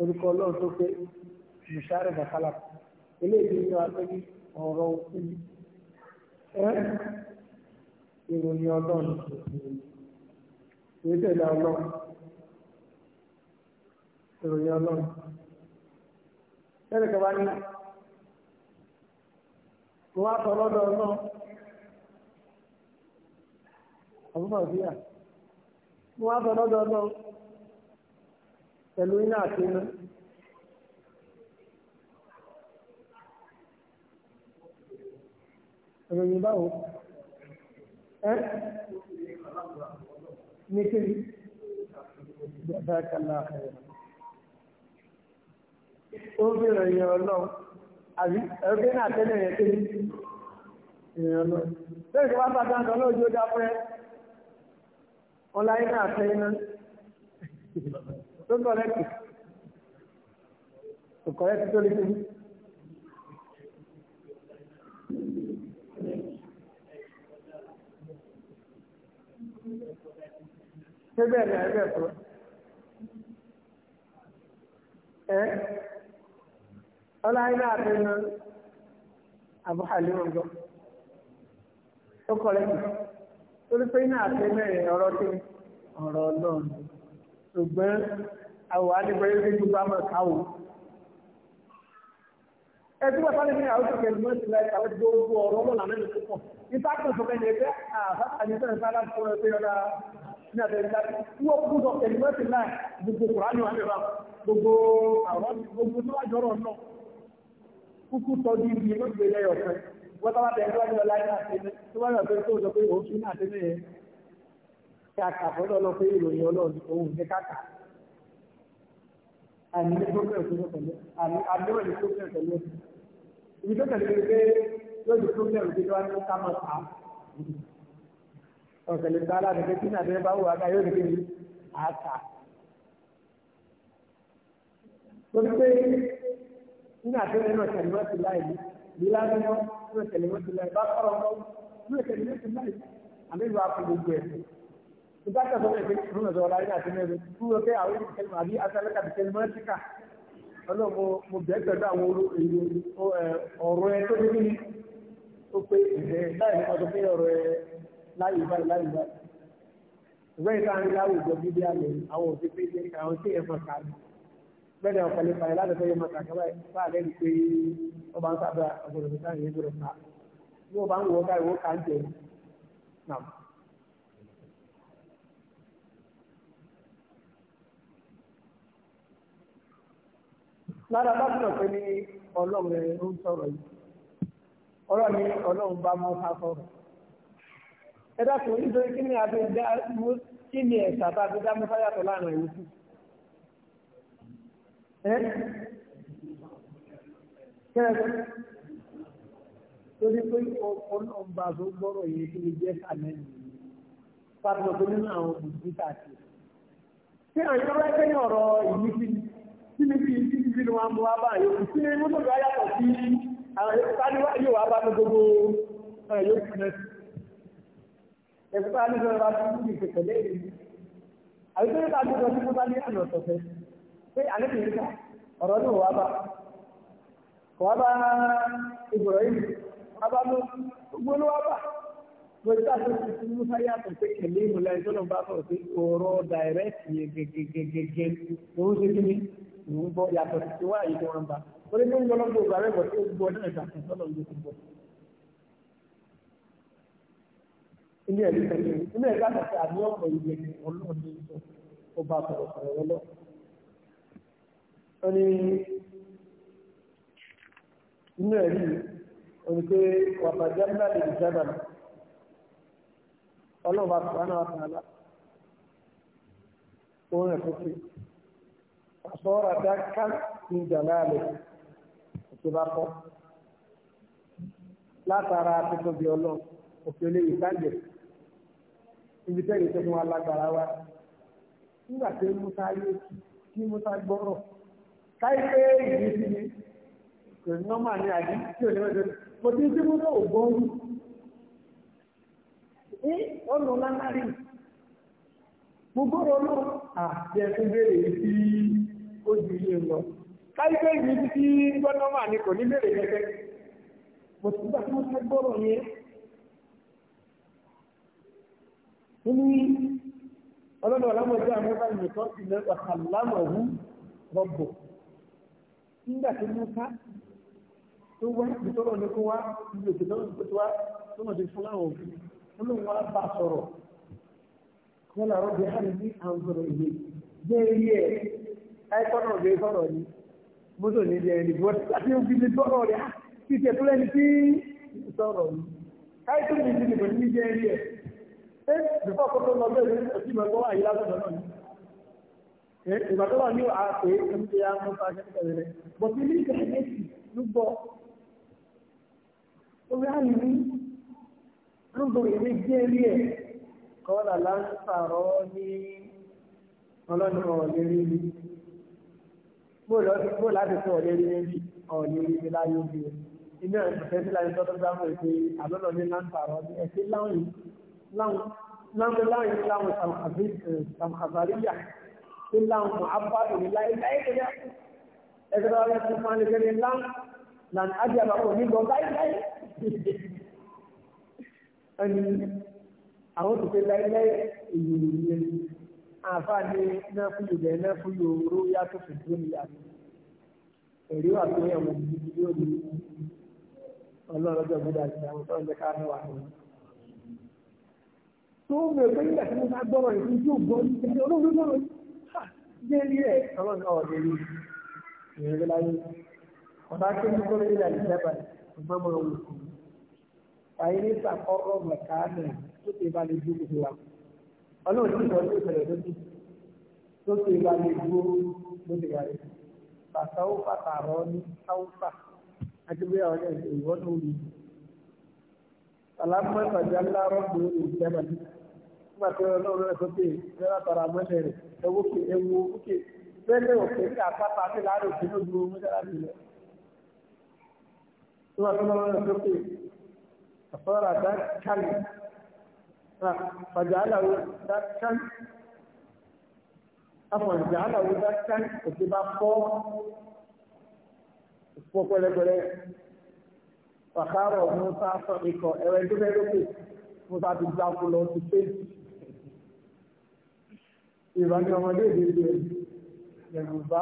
orúkọ ọlọ́run tó pé mùsàárẹ̀ bàkálà eléyìí ni wàá ìròyìn ọlọ́run ìgbésẹ̀lẹ̀ ọlọ́run ìròyìn ọlọ́run tẹ́lẹ̀kẹ́ bá ní mo wá sọ lọ́dọ̀ ọlọ́run àbúrò bíyà mo wá sọ lọ́dọ̀ ọlọ́run pẹ̀lú iná àti iná. ìròyìn báwo. ẹ́ ní kí bẹ́ẹ̀kẹ́lá ẹ̀rọ ó ń bèèrè ìyẹn ọlọ́run àbí ẹ̀rọ náà tẹ́lẹ̀ yẹn kí ìyẹn ọlọ́run bẹ́ẹ̀ kí wá bàtà ń sọ náà ojú ọjà fún ẹ ṣé bẹ́ẹ̀ ni na tó ẹ́ ọláyé náà ti ná àbúhàlẹ́ ọgbọ́n ó kọ́ lẹ́yìn torí pé náà ti mẹ́rin ọ̀rọ̀ tó ọ̀rọ̀ náà ṣùgbọ́n àwọn àdìgbẹ́yẹ́ ní gbogbo àmọ́ káwọ́ ẹtí wọn sáré ní àbẹ̀rẹ̀ láti wọ́n gbọ́dọ̀ tẹ̀lẹ́mẹ́tì náà gbogbo kùránì wọn lè ra gbogbo àwọn gbogbo tó wájọ́ ọ̀rọ̀ náà kúkú tọ́jú ibi ló gbé lẹ́yọ̀ ọ̀fẹ́ wọ́n tábà bẹ̀rẹ̀ wájú ọ̀la iná àtẹ́lẹ́ tó wájú ọ̀fẹ́ tó sọ pé òun fi iná àtẹ́lẹ́ yẹn kàkà fọ́dọ̀ lọ pé ìròyìn ọlọ́run òun ní kàkà àmì ní problem tó tẹ̀lé àmì àmìwẹ̀ ní problem tẹ̀lé ibi tó tẹ̀lé pé lójú problem tó tẹ̀lé wá ní ká máa ta ọ̀sẹ̀lẹ̀ sálá nìkan tí nàbẹ́ bá wù wá yóò nìkan ní àṣà. Lórí pé nínú àtẹ́lẹ̀ náà tẹ̀lé wọ́n ti láì ní ìlà mímọ́ nínú tẹ̀lé wọ́n ti láì bá kọ́rọ̀ mọ́ nínú tẹ̀lé wọ́n ti láì àmì ìwà fún gbogbo ẹ̀sìn. Ìgbà tó sọ́kọ̀ ẹ̀sìn fún ọ̀dọ̀ ọ̀la nínú àtẹ́lẹ̀ rẹ̀ dúró pé àwọn ìkẹlẹ̀ àbí asálẹ́kà ìkẹlẹ̀ mọ́ síkà. Ọlọ́run mo bẹ̀ pẹ̀lú àwọn ọ̀rọ̀ ẹ tó ní láyé báyìí láyé báyìí ìgbẹ́ ìta ń láwùjọ bíbí àmì àwọn òfin pé àwọn tí ẹ̀fọn kà á bẹ́ẹ̀ ọ̀pọ̀ lè fàyè láti fẹ́yẹ́ màkà kaba bá lẹ́nu pé ọba ń sábà ọ̀gbọ̀n òfin sáyẹn gbọ́dọ̀ ká bí wọ́n bá ń wọ ká ìwọ́ ká ń jẹ nàm. lára bá tún ọ̀pẹ ní ọlọ́run ń sọ̀rọ̀ yìí ọlọ́run ní ọlọ́run bá mọ́ ká sọ̀rọ̀ ẹ̀dá kò ní torí kí ni àti ẹ̀dá kí ni ẹ̀sà bá ti dá mọ́fà yàtọ̀ láàrin ẹ̀yìn kù. kẹ́ẹ̀kọ́ torí pé ọ̀nà tó gbọ́rọ̀ yẹn kí ni jẹ́ sàmẹ́lì pàtó tó nínú àwọn bùkítà sí. ṣé àwọn ìjọba ẹgbẹ́ ní ọ̀rọ̀ ìlú sí kí ni kí ni kí ni wọn mú wá báyìí kí ni mọ́tò bá yàtọ̀ sí àwọn yóò wá bá mi gbogbo yóò fi náà sí ẹ̀fẹ́ bá ní sọ̀rọ̀ láti kú ní ìpèsèlè èyí. àbíkú ní káàdì sọ fún bá ní àná ọ̀sọ̀fẹ́ pé àlẹ́ kìí ká ọ̀rọ̀ ní òwá bá kò wá bá ìgbọ̀rọ̀ yìí wá bá ló gbogbo ló wá bá gbogbo tá a tó ti mú sáyé àtọ̀ pé kẹ̀lé ìmúlẹ̀ tó lọ bá bọ̀ pé ọ̀rọ̀ dàìrẹ́tì yẹn gẹ́gẹ́gẹ́gẹ́ òun ṣe kí ni òun bọ̀ yàtọ̀ ilé ẹ̀rí kẹ̀kẹ́ ilé ẹ̀rí àtàkẹ́ àní ọ̀pọ̀ ìgbẹ́ ọlọ́run ní ìsọ ó bá sọ̀rọ̀ sọ̀rọ̀ wọn lọ. wọ́n ní inú ẹ̀rí òní pé wàbàjá ńlá lè ní jábà ní ọlọ́run bá sọ̀rọ̀ náà sàlá òun rẹ̀ tó fi àsọ̀rọ̀ àdáká ní ìjàlá rẹ̀ òkè bá kọ́ látara tuntun bí ọlọ́run òkè olè ìtàgẹ̀. ibi tẹ́lẹ̀ tó mú alágbára wa nígbà tí musa yé kí musa gbọ́rọ̀ káyipé ìdísí ni kò ní ọmọ àdí tí wọ́n tẹ́lẹ̀ mo tí musa ò ní ọ̀nà lánàrí gbogbo ọ̀nà àjẹsùn sí ojú lọ káyipé tí gbọ́dọ̀ mà ní kò ní kẹ́kẹ́ gbà tí gbọ́rọ̀ yẹn. nínú ọlọ́dọ̀ ọ̀làmọ̀dé àmọ́bá ìmọ̀tọ́ ìlẹ̀ ọ̀sàlámọ̀hú rọ̀bọ̀ nígbà tí mo ká tó wá ìtọ́rọ̀ ní kó wá ìlú òkè tó ń pè tó wá tó mọ̀ sí fún àwọn òfin wọn ló ń wá bá sọ̀rọ̀ wọn làrọ̀ bí a ní àwọn sọ̀rọ̀ ìwé jẹ́ eré ẹ̀ àìkọ́nà ọ̀gbẹ́ sọ̀rọ̀ ni mọ́tò ní ilẹ̀ ẹni bọ́ọ̀dì àti òbí ní sọ̀rọ̀ rẹ̀ á ti tẹ̀ tó lẹ́ni tí sọ̀rọ̀ ni káyọ̀ tó ní ìdílé pẹ̀lú ní jẹ́ eré ẹ̀ ṣé bífọ́ kó tó lọ bẹ́ẹ̀ ní òsì mẹ́kọ́ wà yìí lásìkò náà ni. ìgbà tó wà ní àpè ẹ̀mí ya mú ta ṣe tẹ̀lé rẹ̀ bọ̀ sí ní ìgbà méjì lúgbọ́ orí àyè ní lúgbọ́ ìwé jẹ́ rí ẹ̀ kọ́lá láńsàrọ́ ní ọlọ́ni ọ̀lẹ́rí ni bó láti fún ọ̀lẹ́rí níbi ọ̀lẹ́rí láwọn láwọn láwọn sàmkàbàríyà tí láwọn àbádò ní láyé láyé kẹjá ẹgbẹ́ rẹ̀ tí wọ́n lè gẹ́rẹ́ láwọn là ní ájàbà kò ní gbọ́n láyé láyé ẹni àwọn tó fẹ́ láyé láyé èyí ni àǹfààní náà fúyò bẹ́ẹ̀ náà fúyò oró yàtọ̀ fìdúró ní àná èrè wà pé ẹ̀wọ̀n gidi yóò tó ń bèèrè pé nígbà tí wọ́n bá gbọ́rọ̀ ìfún tí ó gbọ́ ní olóògbé gbọ́rọ̀ dérí ẹ̀ ọlọ́run ọ̀ dérí ìrírí láyé ọ̀dá tó ń gbọ́rọ̀ ilẹ̀ ìjẹba ìgbọ́n mọ́ ọ̀hún kù àyè ní sàkọ́rọ̀ mẹ̀káánì tó ti bá lè dúró wa ọlọ́run ti sọ ní ìṣẹ̀lẹ̀ tó ti tó ti bá lè dúró ló ti wáyé pàtàwọ́ pàtàrọ́ ní sáwùfà àti bí àwọn ẹ̀ṣẹ̀ ìwọ́n tó wù nígbà tí ọlọ́run rẹ̀ sọ pé ìrẹ́lá tara mọ́lẹ̀ rẹ̀ ẹwọ́ òkè ẹwọ́ òkè bẹ́ẹ̀ òkè ní àpáta sí láàrín òkè ní ojú omi dára nílẹ̀. nígbà tí ọlọ́run rẹ̀ sọ pé àfọ́rà dákàlì fàjà aláwọ̀ dákàlì afọ̀njà aláwọ̀ dákàlì òkè bá fọ́ fọ́ pẹ́lẹ́pẹ́lẹ́ fàkàrọ̀ musa sọ ikọ̀ ẹ̀rọ ẹ̀dúgbẹ́rẹ́ òkè musa ti gbà kú lọ sí péjì ìrọ̀lú ọmọdé ìdíje yorùbá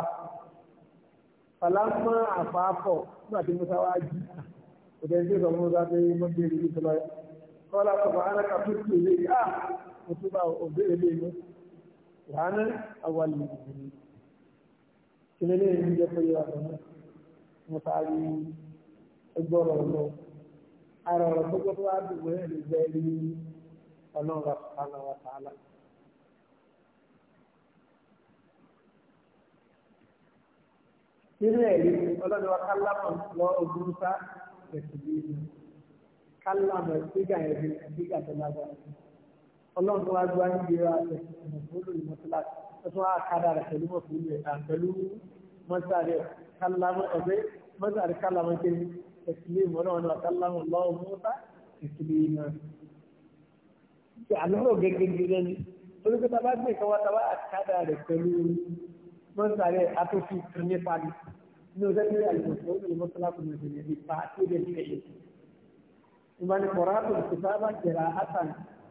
falámà àfàáfọ̀ nígbà tí musa wá jí òde ń tẹ̀sán musa pé mọ́tò ìlú tó lọ kọ́lá kọ̀ọ̀kan anáka tó tù lé à mo tún bá òbí rẹ̀ lé mi wàhánà àwọn ìlú kílé lé mi jẹ́ pé yóò àtọ̀nà musa rí ẹgbọ́rọ̀ lọ ara ọ̀rọ̀ tó gbọ́ tó wá dùn mọ́ ẹ̀ lè jẹ́ rí ọlọ́run àti àlọ́ wa tààlà. nínú ẹ̀rí ọlọ́dọ̀ wa kálámọ̀ lọ ogun sá ẹ̀sìnbí inú kálámọ̀ gbígbà ẹ̀rí gbígbà tó lágbára ọlọ́dọ̀ wa gba ń gbéra ẹ̀sìnbí olú ìmọ̀tíláṣí ẹ̀sùn wa kádà rẹ̀ pẹ̀lú mọ̀fúnú ẹ̀ pẹ̀lú mọ́sàrẹ̀ kálámọ̀ ọ̀gbẹ́ mọ́sàrẹ̀ kálámọ̀ jẹ́ ẹ̀sìnbí mọ́nà kálámọ̀ lọ ogun sá ẹ̀sìnbí inú. àlọ́ gẹ́gẹ́gẹ́gẹ́ ni bá gbé ìkọwọ́ bá kádà rẹ̀ pẹ̀lú mọ́sàrẹ̀ atọ́fíì nípa ni. نذكر المسؤول المطلق من بالتعكيد الفعلي ومن قراءة الكتابة قراءة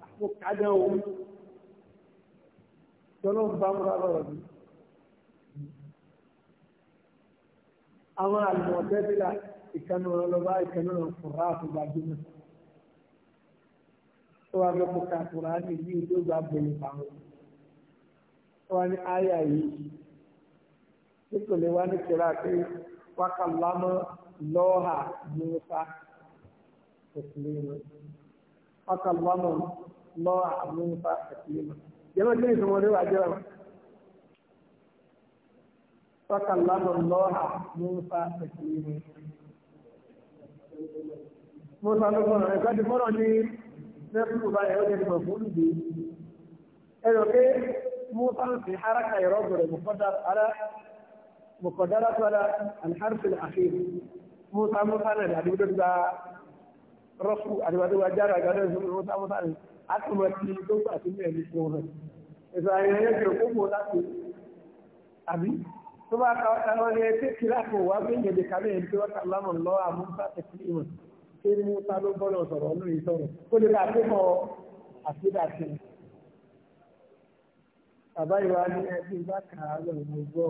حقوق عدو تلوم بامر أبرد أما المعتزلة كانوا لبا كانوا القراءة بعدين wọ́n á lọ́kọ̀ọ́ká kúrò á ní ilé ìjọba gbẹ̀yìn pàmò wọ́n á ní áyà yìí tí kò lè wá ní kíra pé wákàlámọ́ lọ́ọ̀hà Musa tẹ̀sílẹ́mù wákàlámọ́ lọ́ọ̀hà Musa tẹ̀sílẹ́mù. Jẹ́mọ̀ kí ni ìtumọ̀ ní wàá jẹ́wọ̀? Wákàlámọ́ lọ́ọ̀hà Musa tẹ̀sílẹ́mù. Musa ló fọ̀rọ̀ ẹ̀ka ti fọ̀rọ̀ ní nẹ́fúlù báyìí ó jẹ́ ìmọ̀ fún ìdí. Ẹ̀rọ pé Musa ń fi haraka ìrọ́bù rẹ̀ mú fọ́dà ara مقدرة على الحرف الأخير موسى موسى نبي هذه بدر رفع هذه بدر وجرى قال موسى موسى أكمل في توسع في المسلمين إذا يجري قوم ولا أبي ثم قالوا لي خلاف وابن يدكاني أنت وكلام الله موسى تكليما kí Musa ló bọ́lọ̀ sọ̀rọ̀ lórí sọ̀rọ̀ kó lè bá tó mọ àtúndàtì. Bàbá ìwà ni ẹbí bá kà á lọ ìmọ̀ gbọ́.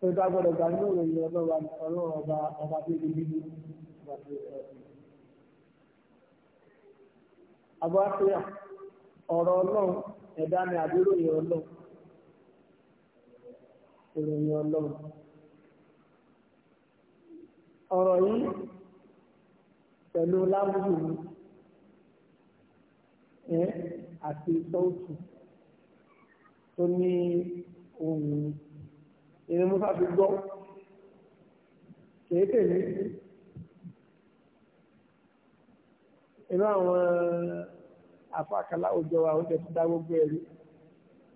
tó dá gbọ́dọ̀ gbà nínú ìròyìn ọlọ́wà ọlọ́wà ọba ọba tó lè bí ọba tó lè ọ̀sìn. abúlásíà ọ̀rọ̀ ọlọ́run ẹ̀dá ni àbí ìròyìn ọlọ́run ìròyìn ọlọ́run ọ̀rọ̀ yìí pẹ̀lú lábùkù mi ẹ àti sọ́ọ̀tù tó ní ohun yìí ìní musa fi gbọ́ kìí tèmi inú àwọn afáàkálá òjò àwọn tẹ̀ ti dá gbogbo ẹ̀rí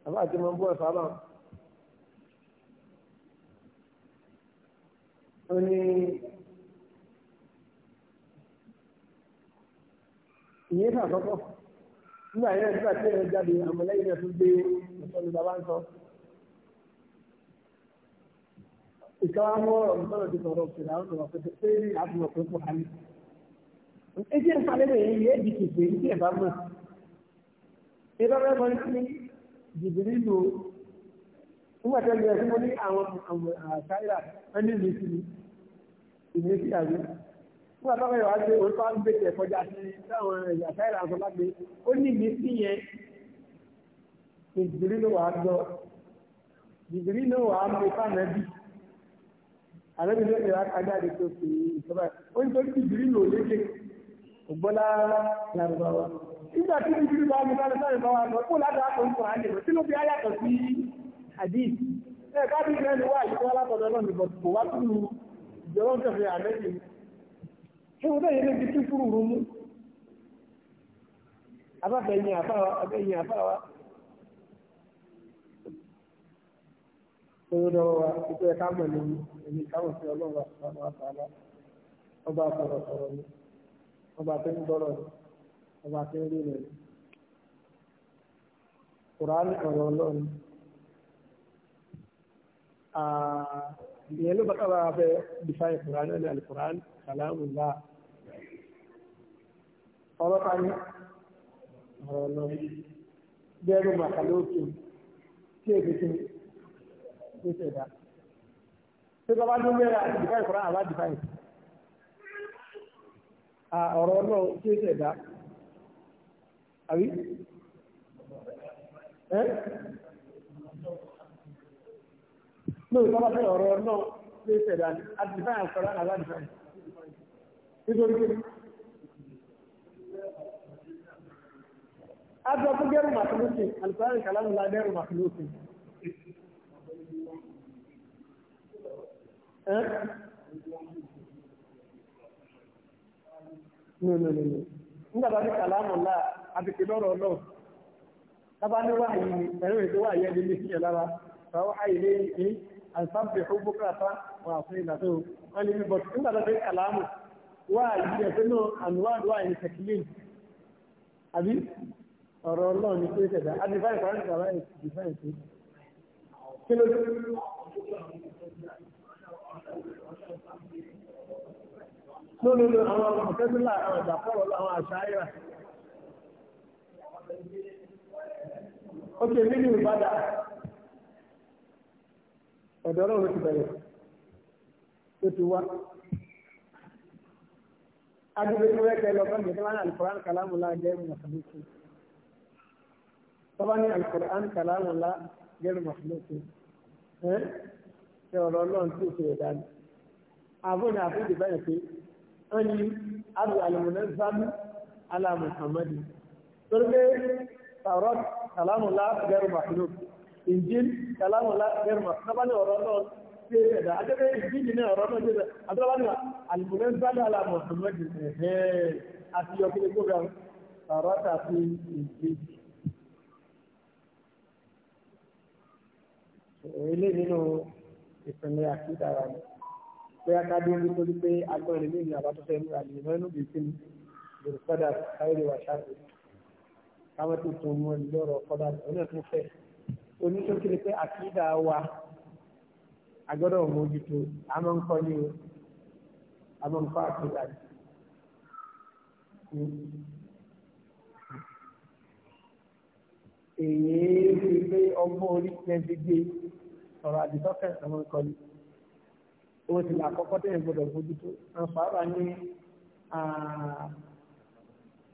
àbá àti ọmọ bọ́ ẹ̀fà bá ó ní ìyẹn sàkọ́kọ́ nígbà yẹn nígbà tí ẹ̀rọ jáde àmọ́lẹ́yìn rẹ̀ tún gbé ìsọ̀lù bàbá ń sọ. ìkáwọn ọ̀rọ̀ ìtọ́rọ̀ ti sọ̀rọ̀ òkèlà ọ̀rọ̀ ọ̀pẹ̀tẹ̀ pé ní àbúrò pé kò hàn. Ètí ẹ̀ka lébè yẹn yé di kìfé ní ẹ̀bá mọ̀. Ìbá bẹ́ẹ̀ mọ ní jìbìrì lò nígbà tó lè fún ní àwọn àṣàyà ẹni mi sí ìwé sí àgbẹ̀. Nígbà tó bẹ̀rẹ̀ wá sí orí fáwọn gbèsè kọjá sí táwọn àṣàyà àṣọ bá gbé. Ó ní ìgbé sí yẹn jìbìrì lò wà á gbọ́ jìbìrì lò wà á gbé àlẹ́bí ló ìlà ajáde tó fi ìjọba ó ń torí ìbírí lò léde ògbọ́lá làrúbáwá nígbà tí ìbírí bá mi sáré sáré báwa lọ kó láti àpò ń kọ̀ àjẹ́ tí ló fi ayàtọ̀ sí àdìs ẹ̀ káàdì ìgbẹ́ ni wà yìí wọ́n náà nìbọn kò wá sí ìjọba ń tẹ̀fẹ̀ àlẹ́bí ṣé wọ́n bẹ́ẹ̀ yẹn ti tú rú mú abáfẹ́yìn àfáwa abẹ́yìn àfáwa owó lọ́wọ́ wa ìpẹ́ ẹ̀ka mọ̀ ní èmi káwọn fi ọlọ́run àtàwọn àtàlá ọba sọ̀rọ̀ sọ̀rọ̀ ni ọba tó ń gbọ́rọ̀ ni ọba tó ń rí rẹ̀ ni Kùránì ọ̀rọ̀ ọlọ́run ìyẹn ló bá kábà fẹ́ bífáì Kùránì ọ̀nà alìkùránì kàlámù ńlá ọ̀rọ̀ kan ní ọ̀rọ̀ ọlọ́run bí ẹrù màkàlókè tí èdè kìíní tó ṣẹ̀dá tó bá bá dún mẹ́ra àdìfáì kọ́ra àbá àdìfáì ọ̀rọ̀ náà tó ṣẹ̀dá àbí ẹ́ lóòótọ́ tó bá fẹ́ ọ̀rọ̀ náà tó ṣẹ̀dá àdìfáì kọ́ra àbá àdìfáì nítorí pé Adọ́kú gẹ́rù màkìlúkì, alùpàá ìkàlámù la gẹ́rù màkìlúkì. nígbàtà ní kàlámù ńlá àtìkè lọ́rọ̀ náà tábà ní wáyé ẹ̀rọ ètò wáyé ẹni ní sílẹ̀ lára sọ́wọ́ àìlé ní àǹsáǹpì ọgbọ́kàtà wà fún ìdàtò wọ́n ní bí bọ̀tù nígbàtà ní kàlámù wáyé ẹ̀fẹ́ náà ànúwàdù wáyé ní tẹ̀kílìn àbí ọ̀rọ̀ náà ní pé tẹ̀dá adìfáì kọ́ńtà láì dìfáì tó kí ló dé lólólo àwọn ọ̀kẹ́sílà àwọn ìgbàkọ̀rọ̀ àwọn àṣáyà. Ókè nínú ìbádà, ọ̀dọ̀ ọlọ́run ti bẹ̀rẹ̀, ó ti wá. Agbègbè tí wọ́n kẹ́ fún ìgbésẹ̀ wọn Al-Qur'an kàlámù lá jẹ́ mọ̀sálùkù. Tọ́ba ní Al-Qur'an kàlámù lá jẹ́ mọ̀sálùkù ṣe ọ̀rọ̀ ọlọ́run tí òṣèré dání. àbúrò àfúndì bẹ́ẹ̀ pé wọ́n ní abu alimọ̀nẹ́ sábú ala muhammadu torí pé tàrọ́t kàlámùlá gẹ́rù màfínú injil kàlámùlá gẹ́rù màfínú tábà ní ọ̀rọ̀ náà ṣe ẹ̀dá adébẹ́ injil ní ọ̀rọ̀ náà ṣe ẹ̀dá àtọ́lá ní alimọ̀nẹ́ sábú ala muhammadu ẹ̀hẹ́ àti yọkílẹ̀ gbọ́gbà tàrọ́t àti injil ilé nínú ìpínlẹ̀ àkídà wa ni bóyá ká dé nítorí pé agbọ́n rẹ̀ nínú àbá tó fẹ́ mú àlè mẹ́nu bíi sínú lórí kọ́dà káyọ̀lé wà ṣáàtì káwọn tó tó mú ẹni lọ́rọ̀ kọ́dà òun náà tó fẹ́ oníṣókèrè pé àkídà wa agbọ́dọ̀ mójútó àmọ́ ń kọ́ ní o àmọ́ ń kọ́ àkídà ni èyí fi pé ọgbọ́n orí yẹn gbé ọ̀rọ̀ àdìsọ́kẹ̀ àwọn ìkọlù owó ti là àkọ́kọ́ tẹ̀yìn gbọdọ̀ bójútó àwọn sàábà ní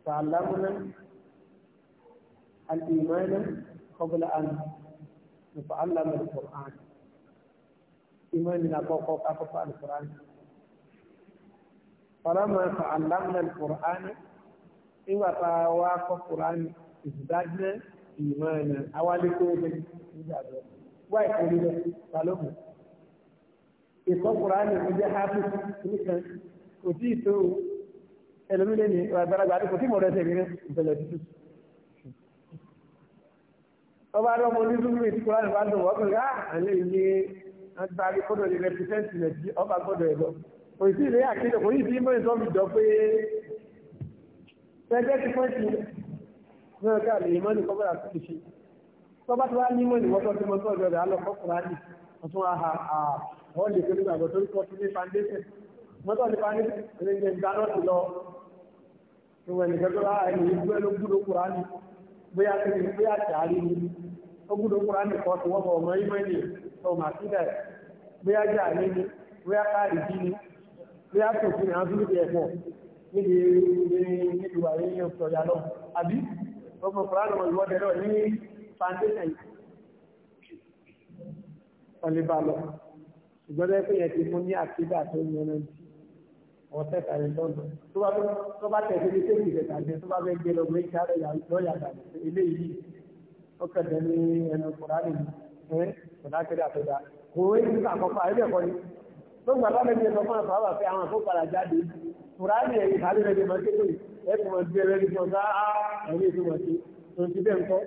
sàlámúná alìmọ́ná kọ́bùlà àná nípa alámọ̀ ìkọ̀rán ìmọ̀ ní àkọ́kọ́ kákọ́kọ́ àlùkọ̀rán fọlọ́mọ̀ ẹ̀kọ́ alámọ̀ ìkọ̀rán nígbà tá a wá kọ́ kùrán ìdídájẹ́ ìmọ̀ ẹ̀nà awálé kó o wá ìkórè lọ balógun ìkọ́ kùránì kò jẹ́ hápù nìkan kò tí ì tó ẹlòmílẹ̀ ní àgbàlagbà àti kò tí mọ̀rọ̀ ẹsẹ̀ rírẹ́ ìbẹ̀lẹ̀ tútù. ọba rẹ ọmọ onídùúgbò ètò kùránì bá dùn wọ́n pẹ̀lú ah, àlẹ́ ilé agbárí kọ́dọ̀ ní rẹpítẹ́ǹtì rẹ̀ tí ọba gbọ́dọ̀ ẹ̀ lọ. kò sí ilé àkéjọ kò yí sí mọ́ ìtọ́ fi jọ pé pẹ́ẹ́tẹ́tì pọ́ǹtì náà káàlì ìmọ̀ nìkan bọ́dà tó ti tọ́ba tí wàá nímọ̀ ìwọ́tọ́ tí mo tọ́ ọ̀dọ̀ rẹ̀ á lọ fọ́kùnrin àdì tuntun àhà àwọn lè fi nígbàgbọ́ torí kọ́ sí ní foundation mọ́tò ní foundation ní ní ìdáná ti lọ ìwọ̀n nìkan tó láà ẹni ìgbẹ́ ló gbúdọ̀ kúránì bóyá kí ni bóyá tààrí ni ó gbúdọ̀ kúránì kọ́ sí wọ́n mọ̀ ọmọ ìmọ̀lì ọmọ àtìlẹ̀ bóyá jà ní ni bóyá káàdì jí ni bóyá tòkì ní àwọn fílípì ẹ̀fọ́ níbi níbi wàyé ọ̀sọ̀ yà àbí ọmọ kúránì ọmọ foundation yìí wọ́n lè bá lọ ṣùgbọ́n bẹ́ẹ̀ pé yẹn ti fún ní àkídà tó ń yẹn lọ́dún àwọn tẹ́ta yẹn lọ́dún tó bá tó bá tẹ̀ sí ṣé ìgbésẹ̀ tàbí tó bá fẹ́ gbé lọ gbé ìṣàrẹ̀ lọ́yà tàbí eléyìí ó kẹ̀dẹ̀ ní ẹnu kùránì ẹ̀ kò wé ní àkọ́kọ́ àyẹ̀bẹ̀kọ́ ni tó gbà bá mẹ́jẹ sọ fún àwọn àwọn àwọn àfọ́pàdà jáde kùránì ẹ̀yìn ìhàlẹ́ rẹ̀